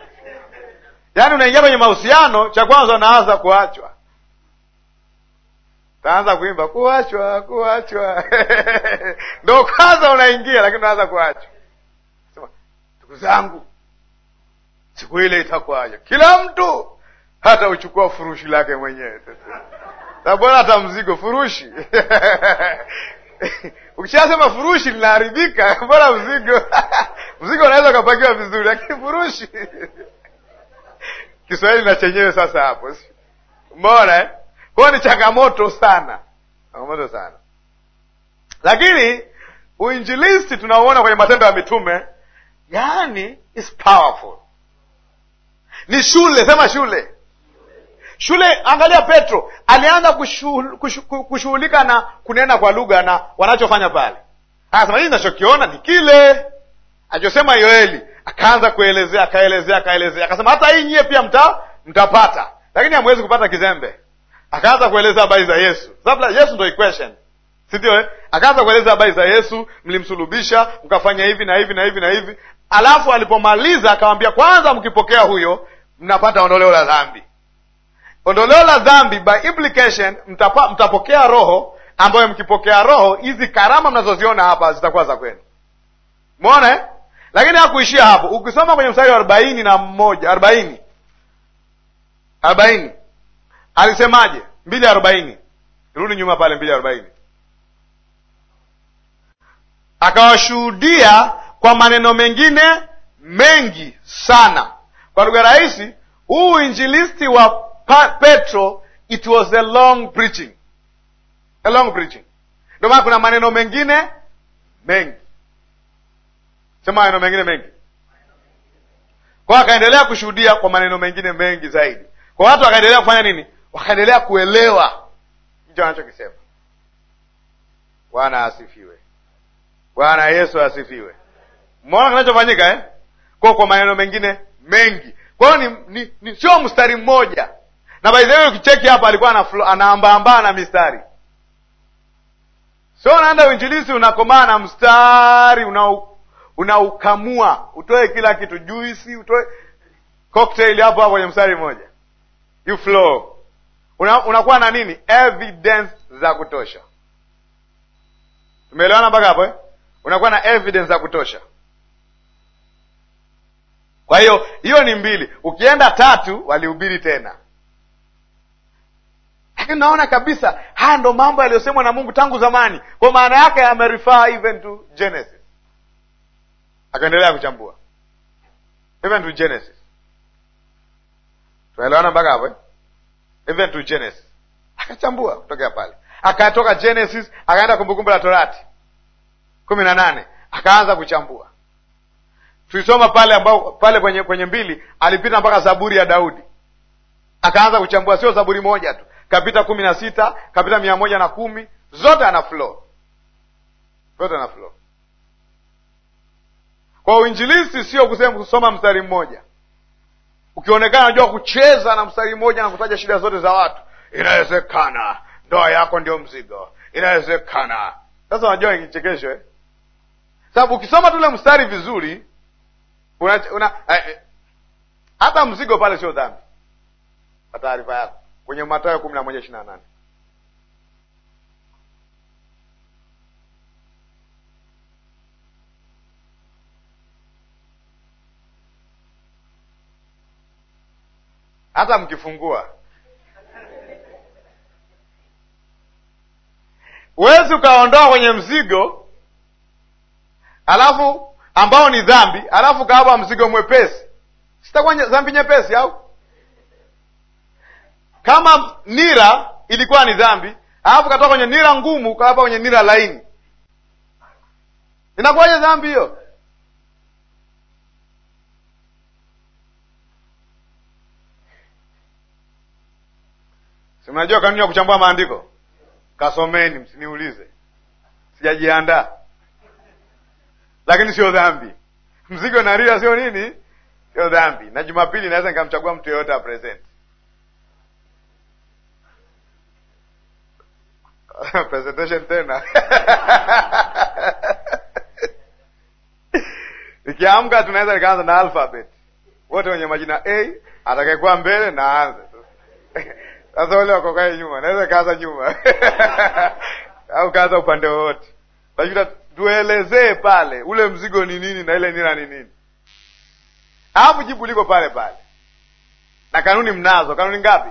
Yaani unaingia kwenye mahusiano, cha kwanza unaanza kuachwa, taanza kuimba kuachwa, kuachwa ndo kwanza unaingia, lakini unaanza kuachwa. Ndugu zangu, siku ile itakuwaje? Kila mtu hata uchukua furushi lake mwenyewe na hata mzigo furushi ukishasema furushi linaharibika, mbona mzigo mzigo unaweza ukapakiwa vizuri, lakini furushi Kiswahili na chenyewe sasa hapo, mbona eh? kwao ni changamoto sana, changamoto sana lakini uinjilisti tunauona kwenye Matendo ya Mitume, yani is powerful. Ni shule, sema shule shule. Angalia Petro alianza kushughulika na kunena kwa lugha na wanachofanya pale, anasema hii nachokiona ni kile alichosema Yoeli, akaanza kuelezea, akaelezea, akaelezea, akasema hata hii nyie pia mta, mtapata, lakini hamwezi kupata kizembe. Akaanza kueleza habari za Yesu. Sasa Yesu ndo equation sindio eh? Akaanza kueleza habari za Yesu, mlimsulubisha mkafanya hivi na hivi na hivi na hivi, alafu alipomaliza akawambia, kwanza mkipokea huyo mnapata ondoleo la dhambi ondoleo la dhambi, by implication mtapa, mtapokea Roho ambayo mkipokea Roho hizi karama mnazoziona hapa zitakuwa za kwenu. Umeona eh? Lakini hakuishia hapo. Ukisoma kwenye mstari wa arobaini na mmoja arobaini arobaini alisemaje? mbili arobaini rudi nyuma pale, mbili arobaini akawashuhudia kwa maneno mengine mengi sana. Kwa lugha rahisi, huu injilisti wa Petro it was a long preaching, a long preaching. Ndio maana kuna maneno mengine mengi, sema maneno mengine mengi, kwa akaendelea kushuhudia kwa maneno mengine mengi zaidi, kwa watu wakaendelea kufanya nini? Wakaendelea kuelewa hicho anachokisema. Bwana asifiwe. Bwana Yesu asifiwe. Mmeona kinachofanyika eh? Kwa kwa maneno mengine mengi, kwa hiyo ni, ni, ni sio mstari mmoja na by the way ukicheki hapa alikuwa anaambaambaa na mistari so unaenda uinjilisi unakomaa na mstari unaukamua una utoe kila kitu juisi utoe cocktail hapo hapo kwenye mstari mmoja you flow una, unakuwa na nini evidence za kutosha tumeelewana mpaka hapo eh? unakuwa na evidence za kutosha kwa hiyo hiyo ni mbili ukienda tatu walihubiri tena lakini naona kabisa haya ndo mambo yaliyosemwa na Mungu tangu zamani, kwa maana yake amerifaa even to Genesis. Akaendelea kuchambua even to Genesis, tunaelewana mpaka hapo eh? even to Genesis, akachambua kutokea pale, akatoka Genesis akaenda Kumbukumbu la Torati kumi na nane akaanza kuchambua. Tulisoma pale ambao pale kwenye, kwenye mbili alipita mpaka Zaburi ya Daudi akaanza kuchambua, sio Zaburi moja tu, kapita kumi na sita kapita mia moja na kumi zote ana flow, zote ana flow. Kwa uinjilisti sio kusema kusoma mstari mmoja, ukionekana najua kucheza na mstari mmoja na kutaja shida zote za watu. Inawezekana ndoa yako ndio mzigo, inawezekana sasa. Unajua ichekeshwe eh? Sababu ukisoma tule mstari vizuri una, una, eh, eh, hata mzigo pale sio dhambi, kwa taarifa yako kwenye Mathayo kumi na moja ishirini na nane hata mkifungua huwezi ukaondoa kwenye mzigo alafu ambao ni dhambi, alafu ukawapa mzigo mwepesi. Sitakuwa dhambi nyepesi au kama nira ilikuwa ni dhambi, alafu katoka kwenye nira ngumu kawapa kwenye nira laini, inakuwaje dhambi hiyo? simnajua kanuni ya kuchambua maandiko? Kasomeni, msiniulize, sijajiandaa. Lakini sio dhambi, mzigo na rira sio nini, sio dhambi. Na Jumapili naweza nikamchagua mtu yeyote apresenti presentation tena ikiamka tunaweza nikaanza na alphabet wote wenye majina A atakayekuwa mbele naanze sasa. Wale wakokae nyuma, naweza kaanza nyuma au kaanza upande wowote, lakini tuelezee pale ule mzigo ni nini na ile nira ni nini, alafu jibu liko pale pale. Na kanuni mnazo, kanuni ngapi?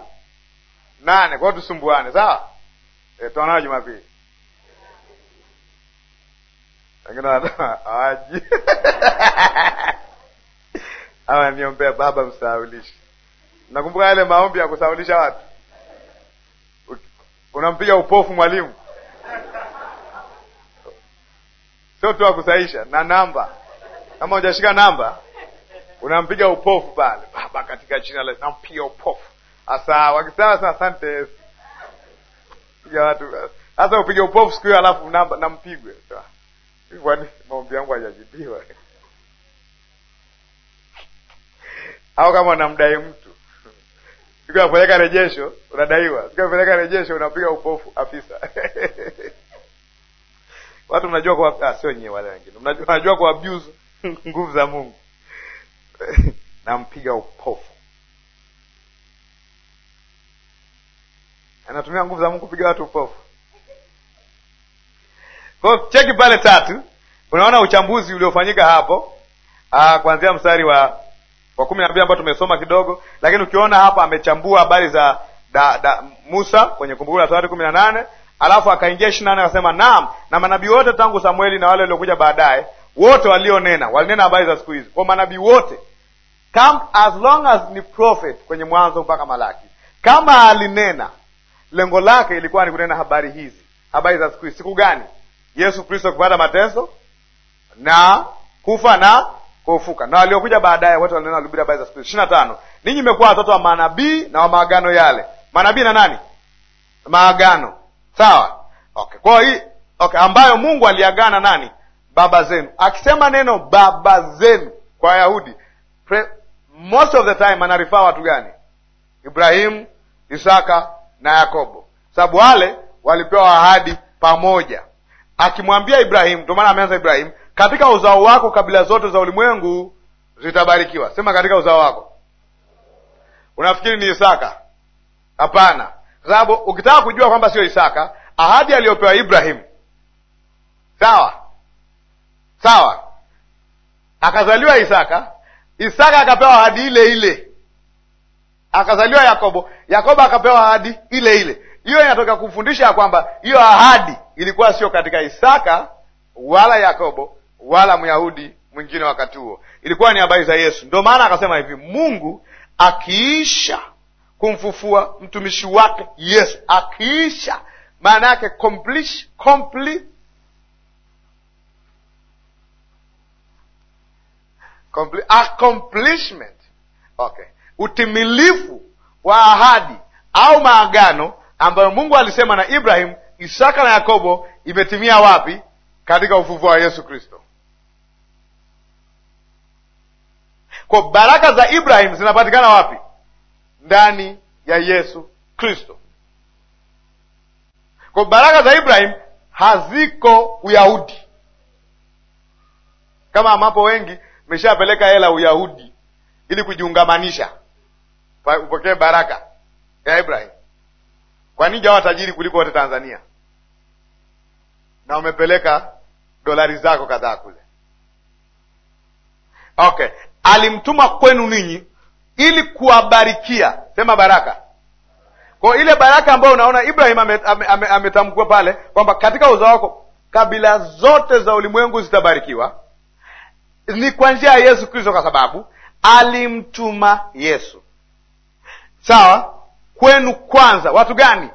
Nane. Kwao tusumbuane, sawa? Eh, Tuonayo Jumapili. Wengine wanasema awaji awa niombea Baba msahaulishe. Nakumbuka yale maombi ya kusahaulisha watu, unampiga upofu mwalimu, sio tu akusaisha na namba. Kama hujashika namba, unampiga upofu pale, Baba katika jina la nampiga upofu. Asa wakisema asante kupiga watu hasa upige upofu siku hiyo, alafu nampigwe. Kwani maombi yangu hajajibiwa? au kama unamdai mtu siku rejesho, unadaiwa siku rejesho, unapiga upofu afisa watu mnajua kwa ah, sio nyie, wale wengine mnajua kuabuse nguvu za Mungu nampiga upofu anatumia nguvu za Mungu kupiga watu upofu. Kwa cheki pale tatu, unaona uchambuzi uliofanyika hapo ah, kuanzia mstari wa wa kumi na mbili ambao tumesoma kidogo, lakini ukiona hapa amechambua habari za da, da, Musa kwenye Kumbukumbu la Torati kumi na nane alafu akaingia ishirini na nane akasema naam, na manabii wote tangu Samueli na wale waliokuja baadaye wote walionena walinena habari za siku hizi. Kwa manabii wote kama as long as ni prophet kwenye Mwanzo mpaka Malaki, kama alinena lengo lake ilikuwa ni kunena habari hizi, habari za siku hizi. Siku gani? Yesu Kristo kupata mateso na kufa na kufuka na waliokuja baadaye wote walinena, walihubiri habari za siku hizi. ishirini na tano, ninyi mmekuwa watoto wa manabii na wa maagano yale. Manabii na nani? Maagano, sawa, okay. Kwa hii okay, ambayo Mungu aliagana nani? Baba zenu, akisema neno baba zenu kwa Wayahudi most of the time anarifaa watu gani? Ibrahimu, Isaka, na Yakobo, sababu wale walipewa ahadi pamoja, akimwambia Ibrahimu. Ndio maana ameanza Ibrahimu, katika uzao wako kabila zote za ulimwengu zitabarikiwa. Sema katika uzao wako. Unafikiri ni Isaka? Hapana, sababu ukitaka kujua kwamba sio Isaka, ahadi aliyopewa Ibrahimu, sawa sawa, akazaliwa Isaka. Isaka akapewa ahadi ile ile akazaliwa Yakobo. Yakobo akapewa ahadi ile ile. Hiyo inatoka kumfundisha ya kwamba hiyo ahadi ilikuwa sio katika Isaka wala Yakobo wala Myahudi mwingine wakati huo, ilikuwa ni habari za Yesu. Ndio maana akasema hivi, Mungu akiisha kumfufua mtumishi wake Yesu, akiisha maana yake complete, complete, accomplishment okay utimilifu wa ahadi au maagano ambayo Mungu alisema na Ibrahimu, Isaka na Yakobo imetimia wapi? Katika ufufuo wa Yesu Kristo. Kwa baraka za Ibrahimu zinapatikana wapi? Ndani ya Yesu Kristo. Kwa baraka za Ibrahimu haziko Uyahudi, kama ambapo wengi meshapeleka hela Uyahudi ili kujiungamanisha upokee baraka ya Ibrahim. Kwa nini jawa tajiri kuliko wote Tanzania na umepeleka dolari zako kadhaa kule? Okay, alimtuma kwenu ninyi ili kuwabarikia, sema baraka. Kwa ile baraka ambayo unaona Ibrahim ametamkua ame, ame, ame pale kwamba katika uzao wako kabila zote za ulimwengu zitabarikiwa, ni kwa njia ya Yesu Kristo, kwa sababu alimtuma Yesu sawa kwenu kwanza. Watu gani?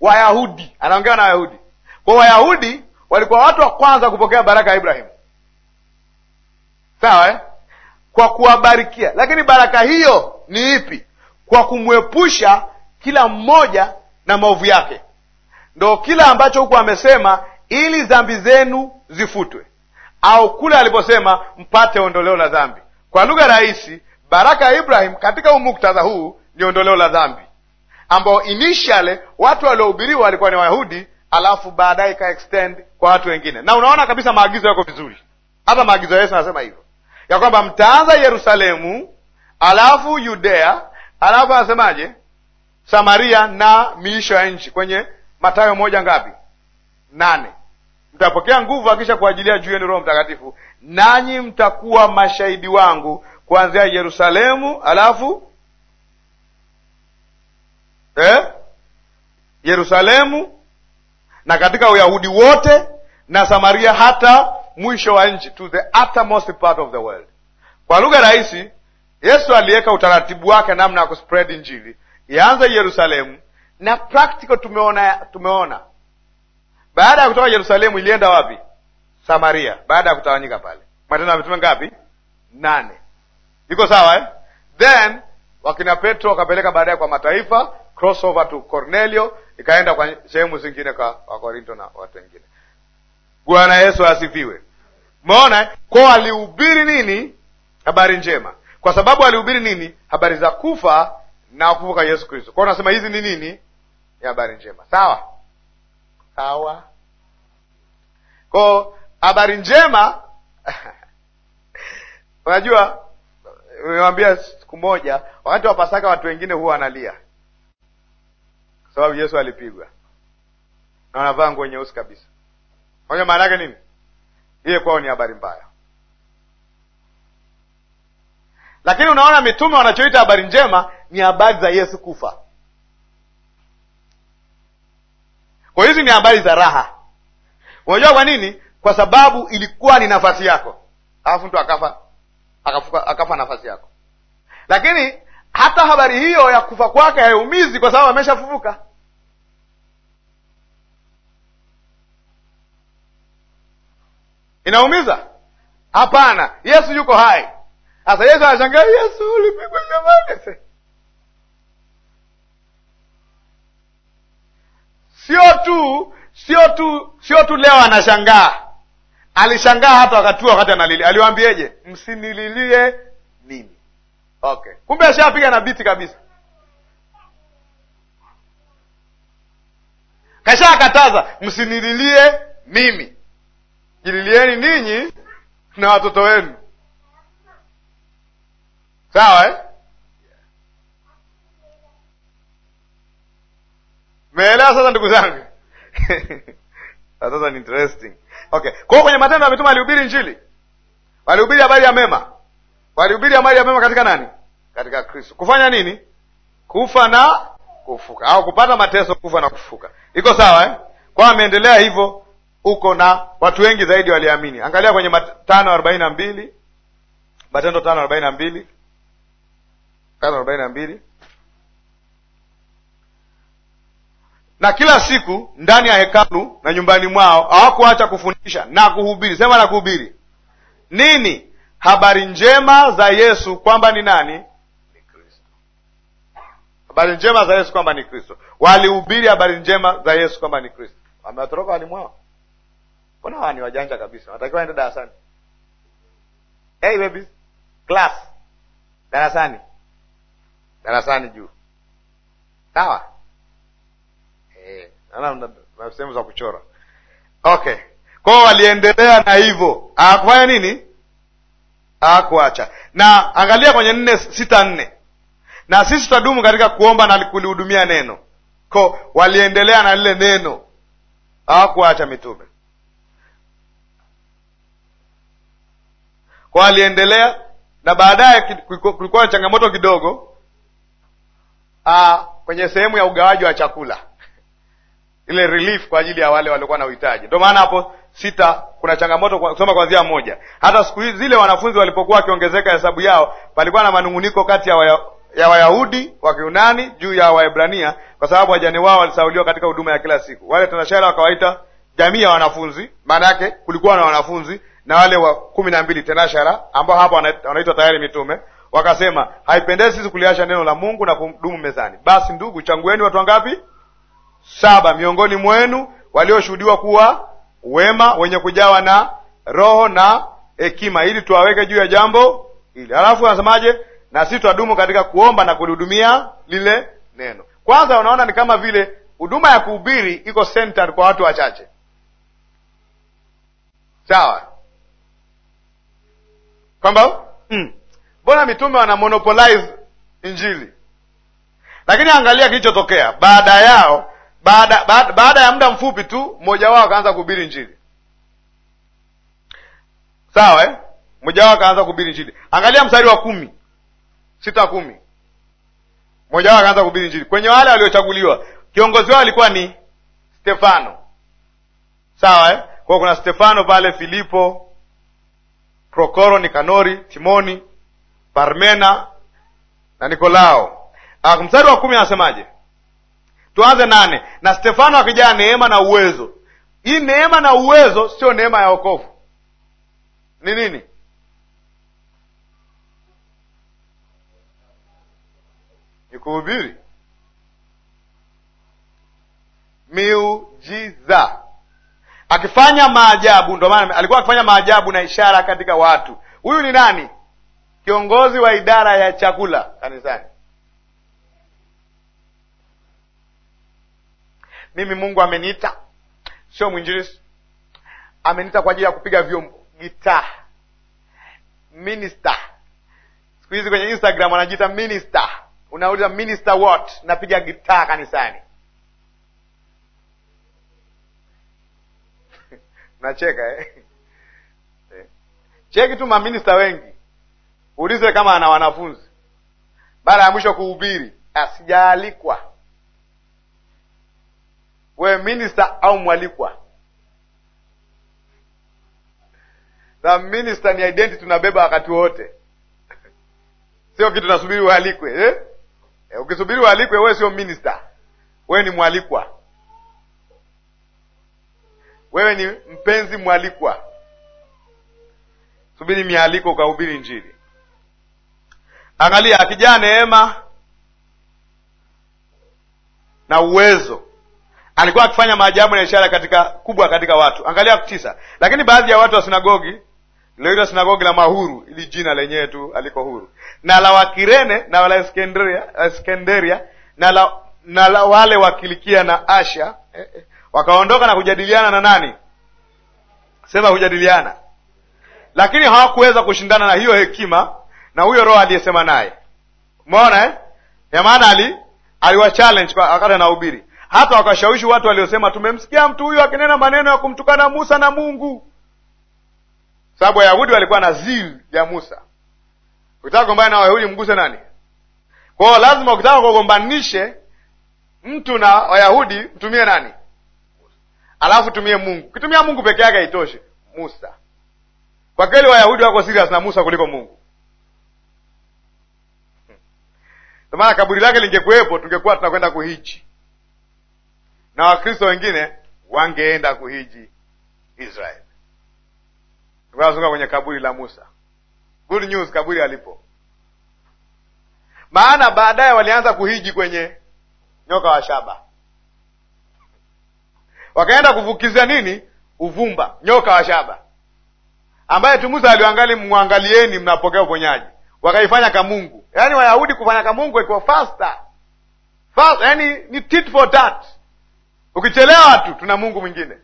Wayahudi. Anaongea na Wayahudi. Kwa Wayahudi walikuwa watu wa kwanza kupokea baraka ya Ibrahimu, sawa eh? kwa kuwabarikia. Lakini baraka hiyo ni ipi? Kwa kumwepusha kila mmoja na maovu yake, ndo kila ambacho huku amesema ili dhambi zenu zifutwe, au kule aliposema mpate ondoleo la dhambi. Kwa lugha rahisi, baraka ya ibrahimu katika umuktadha huu ni ondoleo la dhambi, ambao initially watu waliohubiriwa walikuwa ni Wayahudi, alafu baadaye ka extend kwa watu wengine. Na unaona kabisa maagizo yako vizuri, hata maagizo ya Yesu anasema hivyo ya kwamba mtaanza Yerusalemu, alafu Yudea, alafu anasemaje Samaria na miisho ya nchi, kwenye Mathayo moja ngapi nane mtapokea nguvu akisha kuajilia juu yenu Roho Mtakatifu, nanyi mtakuwa mashahidi wangu kuanzia Yerusalemu, alafu eh, Yerusalemu na katika Uyahudi wote na Samaria hata mwisho wa nchi, to the uttermost part of the world. Kwa lugha rahisi, Yesu aliweka utaratibu wake namna ya kuspread Injili ianze Yerusalemu, na practical tumeona, tumeona baada ya kutoka Yerusalemu ilienda wapi? Samaria, baada ya kutawanyika pale. Matendo ya Mitume ngapi? Nane. Iko sawa eh? Then wakina Petro wakapeleka baadaye kwa mataifa, crossover to Cornelio, ikaenda kwa sehemu zingine kwa Wakorinto na watu wengine. Bwana Yesu asifiwe. Umeona kwa alihubiri nini? Habari njema. Kwa sababu alihubiri nini? Habari za kufa na kufuka Yesu Kristo. Kwao unasema hizi ni nini? Ni habari njema, sawa sawa. Kwa habari njema unajua, nimewambia siku moja, wakati wa Pasaka watu wengine huwa wanalia sababu Yesu alipigwa na wanavaa nguo nyeusi kabisa. Unajua maana yake nini? Ile kwao ni habari mbaya, lakini unaona mitume wanachoita habari njema ni habari za Yesu kufa. Kwa hizi ni habari za raha. Unajua kwa nini? Kwa sababu ilikuwa ni nafasi yako, alafu mtu akafa, akafa, akafa nafasi yako. Lakini hata habari hiyo ya kufa kwake haiumizi kwa sababu ameshafufuka. Inaumiza? Hapana, Yesu yuko hai. Sasa Yesu anashangaa, Yesu ulipigwa jamani, sio tu sio tu sio tu leo anashangaa, alishangaa hata wakati huo, wakati analilia aliwaambieje? Msinililie Okay, kumbe ashapiga na biti kabisa, akataza msinililie mimi, jililieni ninyi na watoto wenu. Sawa eh? Meelewa sasa, ndugu zangu? Sasa ni interesting. Okay, kwa kwenye Matendo ametuma alihubiri Injili, walihubiri habari ya mema walihubiri habari ya mema katika nani? Katika Kristo. Kufanya nini? Kufa na kufuka, au kupata mateso, kufa na kufuka. Iko sawa eh? Kwa ameendelea hivyo huko, na watu wengi zaidi waliamini. Angalia kwenye tano arobaini na mbili Matendo tano arobaini na mbili tano arobaini na mbili na kila siku ndani ya hekalu na nyumbani mwao hawakuacha kufundisha na kuhubiri. Sema na kuhubiri nini? habari njema za Yesu kwamba ni nani? Habari njema za Yesu kwamba ni Kristo. Walihubiri habari njema za Yesu kwamba ni Kristo, wamewatoroka walimu Mbona hawa ni wajanja kabisa, Watakiwa waende darasani. Hey baby class, darasani, darasani juu, sawa? Eh, sehemu za kuchora. Okay, kwao waliendelea na hivyo akufanya nini hakuacha. Na angalia kwenye nne sita nne, na sisi tutadumu katika kuomba na kulihudumia neno. Ko waliendelea na lile neno, hawakuacha mitume kwa aliendelea na baadaye kulikuwa na changamoto kidogo aa, ah, kwenye sehemu ya ugawaji wa chakula ile relief kwa ajili ya wale waliokuwa na uhitaji. Ndio maana hapo sita kuna changamoto kusoma kwanzia moja. Hata siku zile wanafunzi walipokuwa wakiongezeka hesabu yao, palikuwa na manunguniko kati ya waya, ya Wayahudi wa Kiunani juu ya Waebrania kwa sababu wajane wao walisauliwa katika huduma ya kila siku. Wale tanashara wakawaita jamii ya wanafunzi, maana yake kulikuwa na wanafunzi na wale wa kumi na mbili tenashara ambao hapa wanaitwa tayari mitume, wakasema haipendezi sisi kuliasha neno la Mungu na kudumu mezani. Basi ndugu, changueni watu wangapi? Saba miongoni mwenu walioshuhudiwa kuwa wema, wenye kujawa na roho na hekima, ili tuwaweke juu ya jambo hili. Halafu anasemaje? Na sisi twadumu katika kuomba na kulihudumia lile neno. Kwanza unaona ni kama vile huduma ya kuhubiri iko center kwa watu wachache, sawa? Kwamba hmm. mbona mm, mitume wana monopolize Injili, lakini angalia kilichotokea baada yao baada, baada, baada ya muda mfupi tu mmoja wao akaanza kuhubiri njili Sawa eh? Mmoja wao akaanza kuhubiri njili Angalia mstari wa kumi sita kumi mmoja wao akaanza kuhubiri njili kwenye wale waliochaguliwa. Kiongozi wao alikuwa ni Stefano, sawa eh? kwao kuna Stefano pale, Filipo, Prokoro, Nikanori, Timoni, Parmena na Nikolao. Ah, mstari wa kumi anasemaje? Tuanze nane. Na Stefano akijaa neema na uwezo. Hii neema na uwezo sio neema ya okovu ni nini? Ni kuhubiri miujiza, akifanya maajabu. Ndo maana alikuwa akifanya maajabu na ishara katika watu. Huyu ni nani? Kiongozi wa idara ya chakula kanisani mimi Mungu ameniita, sio mwinjilisi, ameniita kwa ajili ya kupiga vyombo, gitaa, minista. Siku hizi kwenye Instagram anajiita minista, unauliza minister what? Napiga gitaa kanisani. Nacheka eh? eh? Cheki tu maminista wengi, ulize kama ana wanafunzi. Baada ya mwisho kuhubiri, asijaalikwa wewe minista au mwalikwa? Na minister ni identity tunabeba wakati wote, sio kitu nasubiri ualikwe eh? Eh, ukisubiri ualikwe wewe sio minista, wewe ni mwalikwa, wewe ni mpenzi mwalikwa. Subiri mialiko ukahubiri Injili. Angalia akijaa neema na uwezo alikuwa akifanya maajabu na ishara katika kubwa katika watu. Angalia tisa. Lakini baadhi ya watu wa sinagogi liloitwa sinagogi la mahuru, ili jina lenyewe tu aliko huru, na la Wakirene na la Iskenderia na la, na la wale wa Kilikia na Asha eh, eh, wakaondoka na kujadiliana na nani? Sema kujadiliana, lakini hawakuweza kushindana na hiyo hekima na huyo roho aliyesema naye. Umeona eh? ya maana ali aliwa challenge wakati anahubiri hata wakashawishi watu waliosema, tumemsikia mtu huyu akinena maneno ya kumtukana Musa na Mungu, sababu Wayahudi walikuwa na zil ya Musa. Ukitaka kugombana na Wayahudi mguse nani? Kwao lazima ukitaka kugombanishe mtu na Wayahudi mtumie nani? Alafu tumie Mungu. Ukitumia Mungu peke yake haitoshe, Musa. Kwa kweli Wayahudi wako serious na Musa kuliko Mungu. Ndio maana kaburi lake lingekuwepo, tungekuwa tunakwenda kuhiji na Wakristo wengine wangeenda kuhiji israel azunguka kwenye kaburi la Musa. Good news, kaburi alipo, maana baadaye walianza kuhiji kwenye nyoka wa shaba, wakaenda kuvukizia nini? Uvumba, nyoka wa shaba ambaye tu Musa aliwangali, mwangalieni mnapokea uponyaji. Wakaifanya kamungu, yaani Wayahudi kufanya kamungu ikiwa fasta, fast yaani ni tit for tat Ukichelewa tu tuna Mungu mwingine.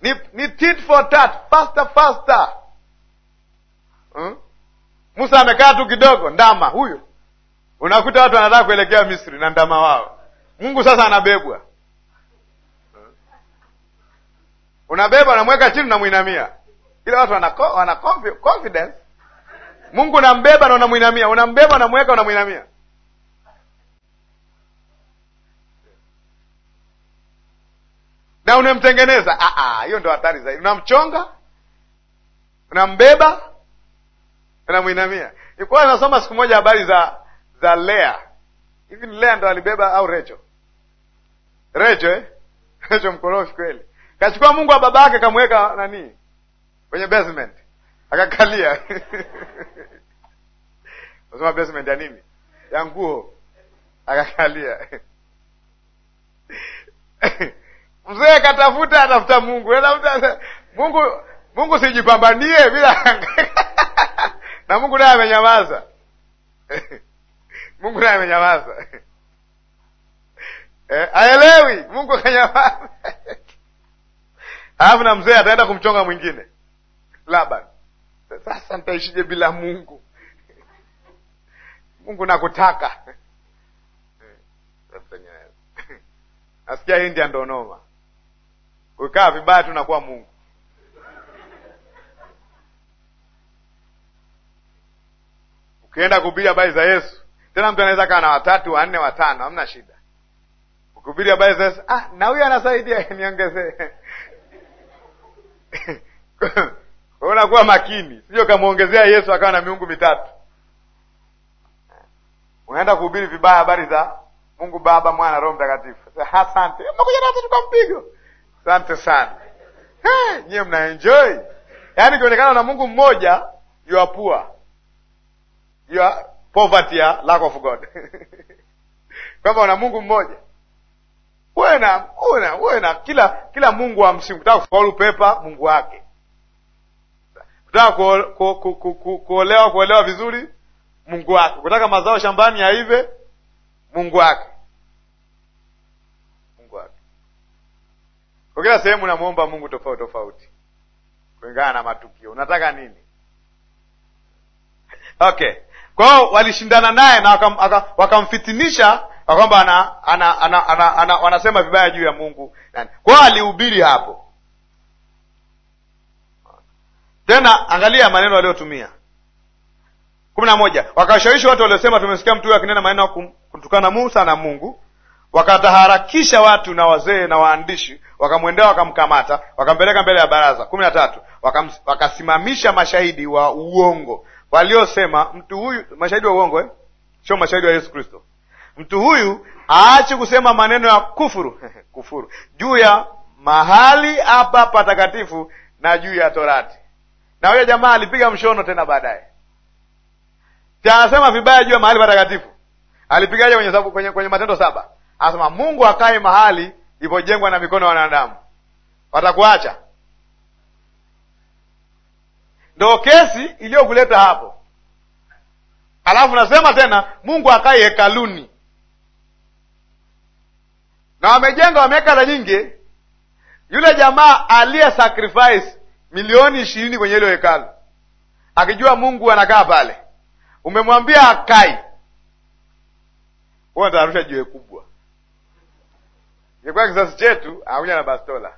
Ni, ni tit for tat, faster faster. Hmm? Musa amekaa tu kidogo, ndama huyo. Unakuta watu wanataka kuelekea Misri na ndama wao. Mungu sasa anabebwa, hmm? unabeba unamweka chini, unamwinamia ile watu wana, wana confidence. Mungu unambeba na unamwinamia, unambeba, unamweka, unamwinamia na unamtengeneza. Ah, ah, hiyo ndo hatari zaidi. Unamchonga, unambeba, unamwinamia. ikuwa nasoma siku moja habari za za Lea. Hivi ni Lea ndo alibeba au Recho? Recho eh? Recho mkorofi kweli, kachukua Mungu wa baba yake kamweka nani kwenye basement akakalia nasema basement ya nini? ya nguo akakalia Mzee katafuta atafuta Mungu, atafuta Mungu. Mungu sijipambanie bila na Mungu naye amenyamaza Mungu naye amenyamaza eh, aelewi Mungu kanyamaza alafu na mzee ataenda kumchonga mwingine Laban. Sasa ntaishije bila Mungu? Mungu nakutaka eh, nasikia hii ndio ndonoma ukikaa vibaya tu nakuwa Mungu. Ukienda kuhubiri habari za Yesu, tena mtu anaweza kaa na watatu wanne watano, hamna shida. Ukihubiri habari za Yesu, ah, na huyo anasaidia niongezee unakuwa makini, sio kamwongezea Yesu akawa na miungu mitatu. Unaenda kuhubiri vibaya habari za Mungu Baba, Mwana, Roho Mtakatifu. Asante, mekuja natatu kwa mpigo Asante sana. Nyiwe mnaenjoi yaani kionekana na Mungu mmoja yuapua are poor, poverty ya lack of God kwamba una Mungu mmoja wena wena wena, kila kila mungu wa msimu. Kutaka kufaulu pepa mungu wake, kutaka kuolewa ku, ku, ku, kuolewa vizuri mungu wake, kutaka mazao shambani yaive mungu wake. Kwa kila sehemu unamwomba Mungu tofauti tofauti kulingana na matukio, unataka nini? Okay, kwao walishindana naye na wakamfitinisha kwamba ana, ana, ana, ana, ana, wanasema vibaya juu ya Mungu Kwao alihubiri hapo tena, angalia maneno aliyotumia kumi na moja, wakashawishi watu waliosema tumesikia mtu huyo akinena maneno ya kumtukana Musa na Mungu wakataharakisha watu na wazee na waandishi wakamwendea, wakamkamata, wakampeleka mbele ya baraza. kumi na tatu wakasimamisha mashahidi wa uongo waliosema, mtu huyu mashahidi wa uongo eh? sio mashahidi wa Yesu Kristo. Mtu huyu aache kusema maneno ya kufuru kufuru juu ya mahali hapa patakatifu na juu ya Torati. Na huyo jamaa alipiga mshono tena baadaye, taasema vibaya juu ya mahali patakatifu. Alipigaje kwenye, kwenye, kwenye Matendo saba Anasema Mungu akae mahali ilipojengwa na mikono ya wanadamu, watakuacha. Ndo kesi iliyokuleta hapo. Alafu nasema tena Mungu akae hekaluni, na wamejenga wameweka za nyingi. Yule jamaa aliye sacrifice milioni ishirini kwenye hilo hekalu, akijua Mungu anakaa pale, umemwambia akai, huwa ntarusha jiwe kubwa ilikuwa kizazi chetu akuja na bastola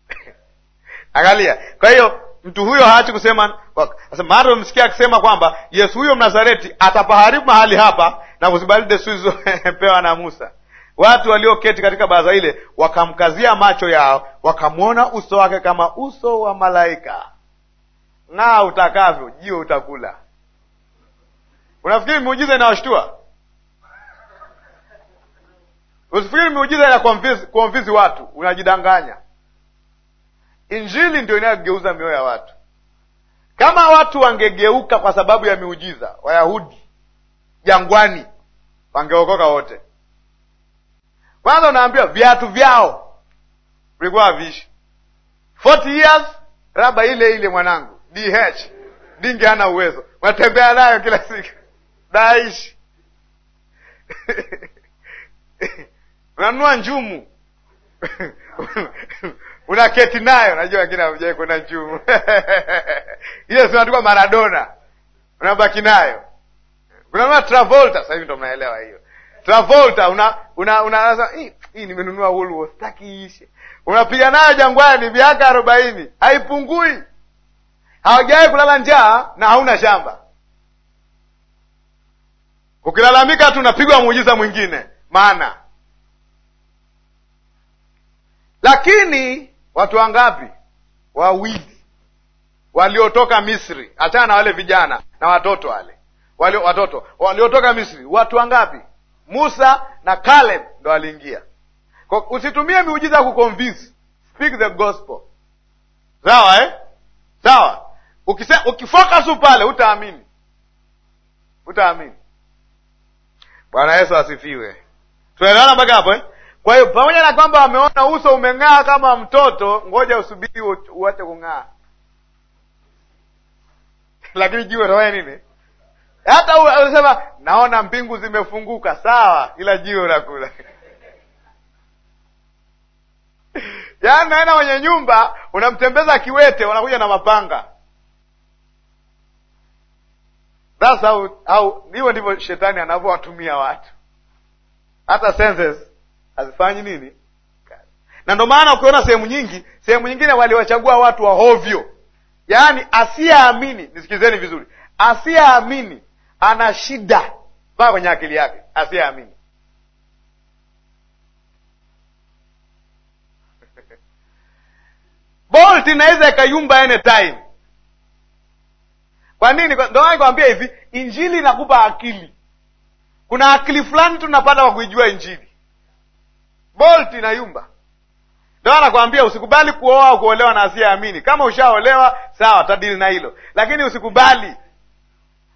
angalia. Kwa hiyo mtu huyo haachi kusema. Maana umsikia akisema kwamba Yesu huyo Mnazareti atapaharibu mahali hapa na kuzibaridi desturi zilizopewa na Musa. Watu walioketi katika baraza ile wakamkazia macho yao, wakamwona uso wake kama uso wa malaika. Ng'aa utakavyo, jio utakula. Unafikiri miujiza inawashtua? Usifikiri miujiza ya kuamvizi watu, unajidanganya. Injili ndio inayogeuza mioyo ya watu. Kama watu wangegeuka kwa sababu ya miujiza, Wayahudi jangwani wangeokoka wote. Kwanza unaambiwa viatu vyao vilikuwa haviishi 40 years, raba ile ile mwanangu, DH dingi hana uwezo, watembea nayo kila siku daishi unanunua njumu unaketi nayo. Najua wengine amjai kwenda njumu ile zinatuka Maradona, unabaki nayo. Unanunua Travolta, sahivi ndo mnaelewa hiyo Travolta una hii, nimenunua Woolworth, iishe. Unapiga nayo jangwani miaka arobaini, haipungui. Hawajawai kulala njaa na hauna shamba. Ukilalamika tu unapigwa muujiza mwingine, maana lakini watu wangapi? Wawili waliotoka Misri. Achana na wale vijana na watoto wale wali, watoto waliotoka Misri, watu wangapi? Musa na kaleb ndo waliingia. Usitumie miujiza kukonvinsi speak the gospel. Sawa eh? Sawa, ukifokasu pale utaamini, utaamini. Bwana Yesu asifiwe. Tunaelewana mpaka hapo eh? Kwa hiyo pamoja na kwamba ameona uso umeng'aa kama mtoto, ngoja usubiri uache kung'aa, lakini jiwe utafanya nini? Hata unasema naona mbingu zimefunguka, sawa, ila jiwe unakula. Yaani naenda kwenye nyumba, unamtembeza kiwete, wanakuja na mapanga. sasa au hivyo ndivyo shetani anavyowatumia watu, hata senses hazifanyi nini Na ndo maana ukiona sehemu nyingi, sehemu nyingine waliwachagua watu wa hovyo, yaani asiyeamini. Nisikilizeni vizuri, asiyeamini ana shida mpaka kwenye akili yake, asiyeamini Bolt inaweza ikayumba anytime. Kwa nini? Ndio nikwambia hivi, injili inakupa akili. Kuna akili fulani tunapata kwa kuijua Injili bolti yumba ndo anakwambia usikubali kuoa au kuolewa na asiyeamini. Kama ushaolewa sawa, tadili na hilo, lakini usikubali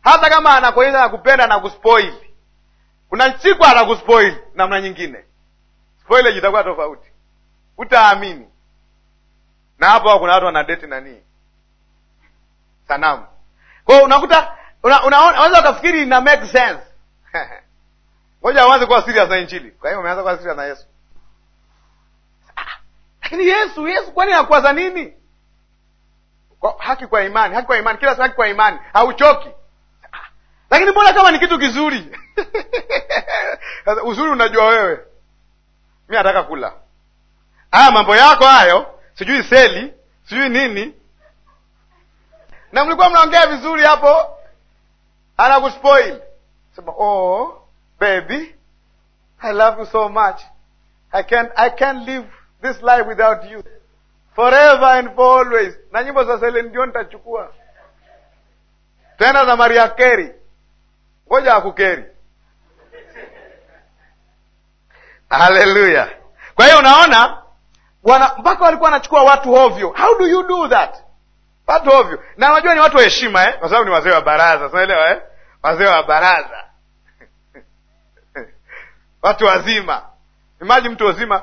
hata kama anakuonyesha nakupenda na kuspoili, kuna siku atakuspoili namna nyingine, spoileji itakuwa tofauti, utaamini. Na hapo kuna watu wanadeti nani, sanamu kwao, unakuta unaweza ukafikiri ina make sense. Ngoja uanze kuwa serious na Injili. Kwa hiyo umeanza kuwa serious na Yesu lakini Yesu Yesu kwani hakuwaza nini? Kwa, haki kwa imani, haki kwa imani, kila haki kwa imani, hauchoki. Lakini mbona kama ni kitu kizuri uzuri unajua wewe, mi nataka kula haya mambo yako hayo, sijui seli, sijui nini, na mlikuwa mnaongea vizuri hapo, anakuspoil sema, oh baby I love you so much I can't, I can't live this life without you forever and for always. Na nyimbo za Celine nitachukua tena za Maria keri ngoja akukeri. Haleluya! Kwa hiyo unaona mpaka walikuwa wanachukua watu hovyo. How do you do that? Watu hovyo, na unajua ni watu wa heshima eh? Kwa sababu ni wazee wa baraza, sinaelewa eh? Wazee wa baraza watu wazima. imaji mtu wazima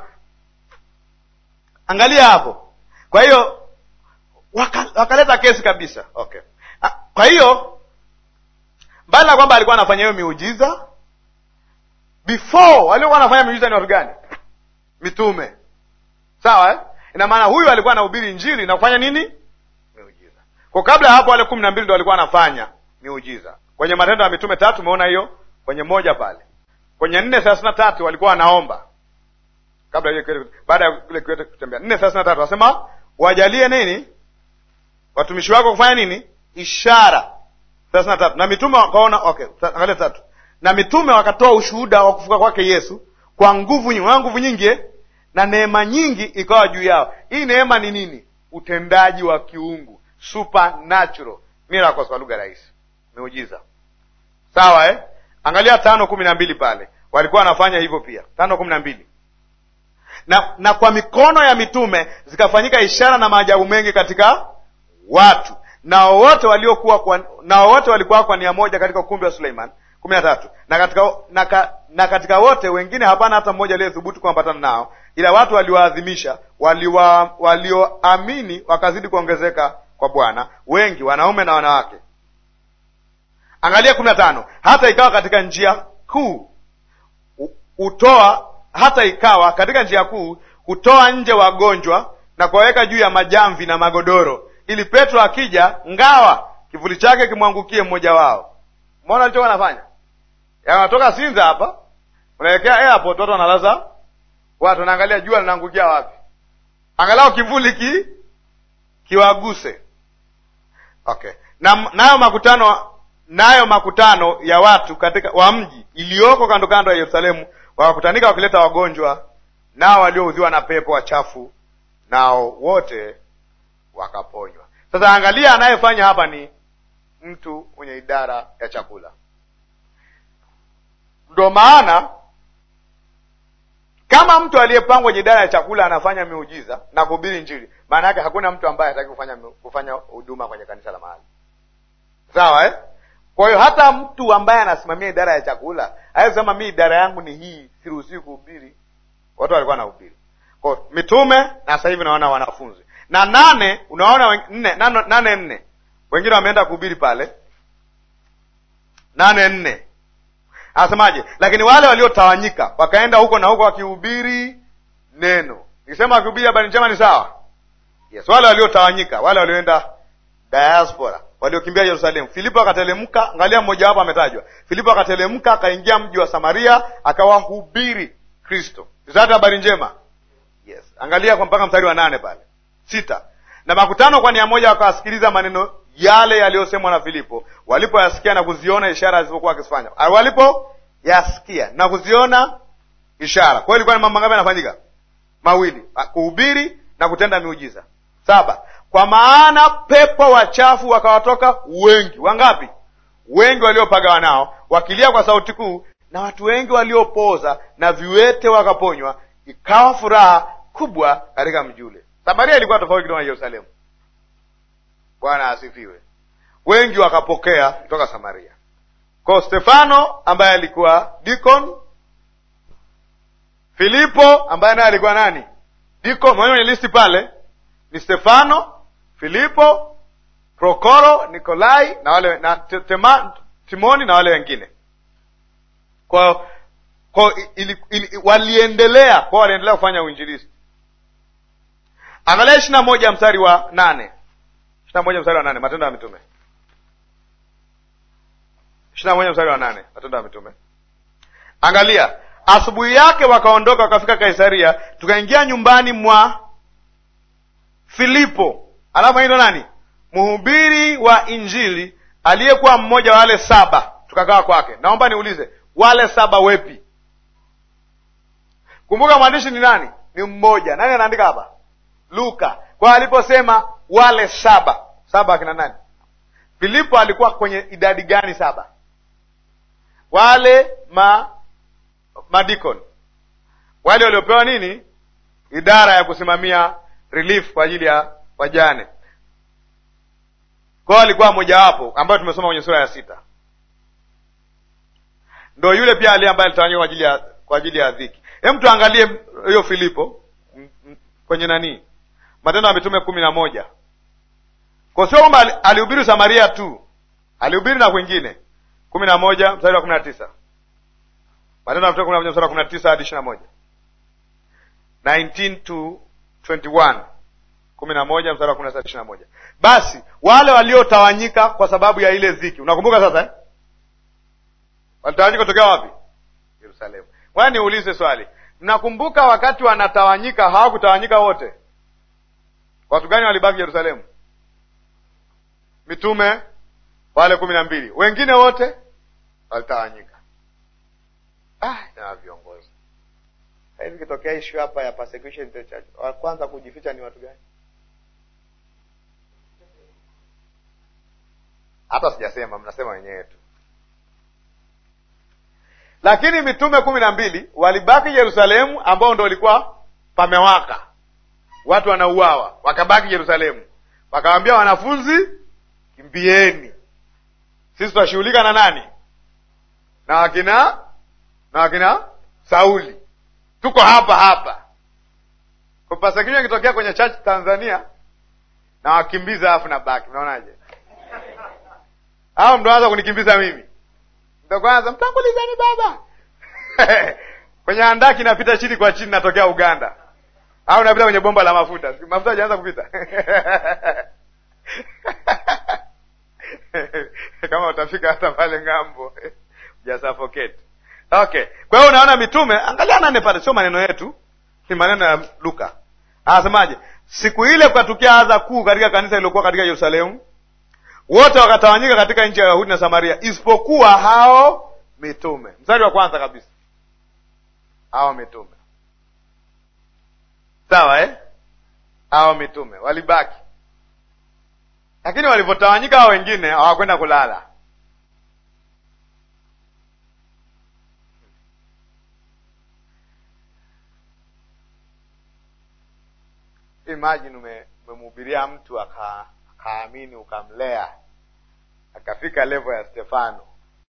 angalia hapo. Kwa hiyo waka, wakaleta kesi kabisa, okay. Ah, kwa hiyo mbali na kwamba alikuwa anafanya hiyo miujiza before, waliokuwa anafanya miujiza ni watu gani? Mitume, sawa eh? Ina maana huyu alikuwa anahubiri Injili na kufanya nini? Miujiza. Kwa kabla ya hapo, wale kumi na mbili ndo walikuwa anafanya miujiza. Kwenye Matendo ya Mitume tatu, umeona hiyo kwenye moja pale, kwenye nne thelathini na tatu walikuwa wanaomba kabla ile kiwete, baada ya ile kiwete kutembea. nne thelathini na tatu anasema wajalie nini watumishi wako kufanya nini ishara. thelathini na tatu na mitume wakaona, okay, angalia tatu na mitume wakatoa ushuhuda wa kufuka kwake Yesu kwa nguvu nyingi, nguvu nyingi na neema nyingi ikawa juu yao. Hii neema ni nini? Utendaji wa kiungu supernatural, miracles kwa lugha rahisi, miujiza. Sawa eh? Angalia tano kumi na mbili pale walikuwa wanafanya hivyo pia. Tano kumi na mbili na, na kwa mikono ya mitume zikafanyika ishara na maajabu mengi katika watu na wote waliokuwa kwa, wote walikuwa kwa nia moja katika ukumbi wa Suleiman kumi na tatu na katika, na, ka, na katika wote wengine hapana hata mmoja aliyethubutu kuambatana nao, ila watu waliwaadhimisha walioamini wa, wakazidi kuongezeka kwa, kwa Bwana wengi wanaume na wanawake. Angalia kumi na tano hata ikawa katika njia kuu utoa hata ikawa katika njia kuu kutoa nje wagonjwa na kuwaweka juu ya majamvi na magodoro, ili Petro akija, ngawa kivuli chake kimwangukie mmoja wao. Umeona alichokuwa anafanya? Yaani anatoka Sinza hapa, unaelekea airport, watu wanalaza watu, wanaangalia jua linaangukia wapi, angalau kivuli ki kiwaguse. Okay, na nayo makutano nayo makutano ya watu katika wa mji iliyoko kando kando ya Yerusalemu wakakutanika wakileta wagonjwa nao walioudhiwa na pepo wachafu, nao wote wakaponywa. Sasa angalia, anayefanya hapa ni mtu mwenye idara ya chakula. Ndo maana kama mtu aliyepangwa kwenye idara ya chakula anafanya miujiza na kuhubiri Injili, maana yake hakuna mtu ambaye hataki kufanya kufanya huduma kwenye kanisa la mahali, sawa eh? Kwa hiyo hata mtu ambaye anasimamia idara ya chakula hawezi mi idara yangu ni hii, siruhusiwi kuhubiri. Watu walikuwa wanahubiri kwa mitume, na sasa hivi naona wanafunzi na nane, unaona nne, nane, nane nne, wengine wameenda kuhubiri pale nane nne. Anasemaje? Lakini wale waliotawanyika wakaenda huko na huko wakihubiri neno. Nikisema wakihubiri habari njema ni sawa? Yes, wale waliotawanyika, wale walioenda diaspora waliokimbia Yerusalemu. Filipo akatelemka, angalia mmoja wapo ametajwa. Filipo akatelemka akaingia mji wa Samaria akawahubiri Kristo. Zata habari njema. Yes. Angalia kwa mpaka mstari wa nane pale. Sita. Na makutano kwa nia moja wakawasikiliza maneno yale yaliyosemwa na Filipo, walipoyasikia na kuziona ishara alizokuwa akizifanya. Ah, yasikia na kuziona ishara. Kwa hiyo ilikuwa ni mambo ngapi yanafanyika? Mawili, ah, kuhubiri na kutenda miujiza. Saba, kwa maana pepo wachafu wakawatoka wengi. Wangapi? Wengi waliopagawa nao, wakilia kwa sauti kuu, na watu wengi waliopoza na viwete wakaponywa, ikawa furaha kubwa katika mji ule. Samaria ilikuwa tofauti kidogo na Yerusalemu. Bwana asifiwe. Wengi wakapokea kutoka Samaria. Kwa Stefano ambaye alikuwa dikon, Filipo ambaye naye alikuwa nani, Dikon, Mwenyewe ni listi pale ni Stefano Filipo, Prokoro, Nikolai na wale na Tema, Timoni na wale wengine. Kwa kwa ili, ili, waliendelea kwa waliendelea kufanya uinjilisti. Angalia ishirini moja mstari wa nane ishirini moja mstari wa nane Matendo ya Mitume ishirini moja mstari wa nane Matendo ya Mitume. Angalia, asubuhi yake wakaondoka wakafika Kaisaria, tukaingia nyumbani mwa Filipo alafu anaitwa nani? Mhubiri wa Injili aliyekuwa mmoja wa wale saba, tukakaa kwake. Naomba niulize, wale saba wepi? Kumbuka mwandishi ni nani? Ni mmoja. Nani anaandika hapa? Luka. Kwa aliposema wale saba, saba akina nani? Filipo alikuwa kwenye idadi gani? Saba wale ma madikon, wale waliopewa nini, idara ya kusimamia relief kwa ajili ya wajane. Kwao alikuwa mojawapo ambayo tumesoma kwenye sura ya sita, ndo yule pia ali ambaye alitawanywa kwa ajili ya dhiki. Hem, tuangalie hiyo Filipo kwenye nanii Matendo ya Mitume kumi na moja. Kwa sio kwamba alihubiri Samaria tu, alihubiri na kwingine. kumi na moja mstari wa kumi na tisa Matendo ya Mitume kumi na moja mstari wa kumi na tisa hadi ishirini na moja to kumi na moja mstari wa kumi na sita ishirini na moja basi wale waliotawanyika kwa sababu ya ile dhiki, unakumbuka sasa eh? walitawanyika kutokea wapi? Yerusalemu. Waya niulize swali, mnakumbuka wakati wanatawanyika hawakutawanyika wote? Watu gani walibaki Yerusalemu? Mitume wale kumi na mbili, wengine wote walitawanyika. Ah, na viongozi sahizi kitokea ishu hapa ya persecution, wa kwanza kujificha ni watu gani? hata sijasema, mnasema wenyewe tu. Lakini mitume kumi na mbili walibaki Yerusalemu, ambao ndo walikuwa pamewaka, watu wanauawa, wakabaki Yerusalemu, wakawambia wanafunzi, kimbieni, sisi tutashughulika na nani? Na wakina na wakina Sauli, tuko hapa hapa. Kupasa kitokea kwenye church Tanzania na wakimbiza, alafu na baki, naonaje? au mtaanza kunikimbiza mimi, mtakwanza mtangulizeni baba kwenye andaki napita chini kwa chini, natokea Uganda au napita kwenye bomba la mafuta, mafuta hajaanza kupita kama utafika hata pale ng'ambo jasafoketi. Okay, kwa hiyo unaona mitume, angalia nane pale, sio maneno yetu, ni maneno ya Luka. Anasemaje? siku ile kukatukia adha kuu katika kanisa lililokuwa katika Yerusalemu, wote wakatawanyika katika nchi ya Yahudi na Samaria isipokuwa hao mitume. Mstari wa kwanza kabisa, hao mitume. Sawa eh? hao mitume walibaki, lakini walivyotawanyika hao wengine hawakwenda kulala. Imagine umemhubiria mtu aka haamini ukamlea akafika levo ya Stefano.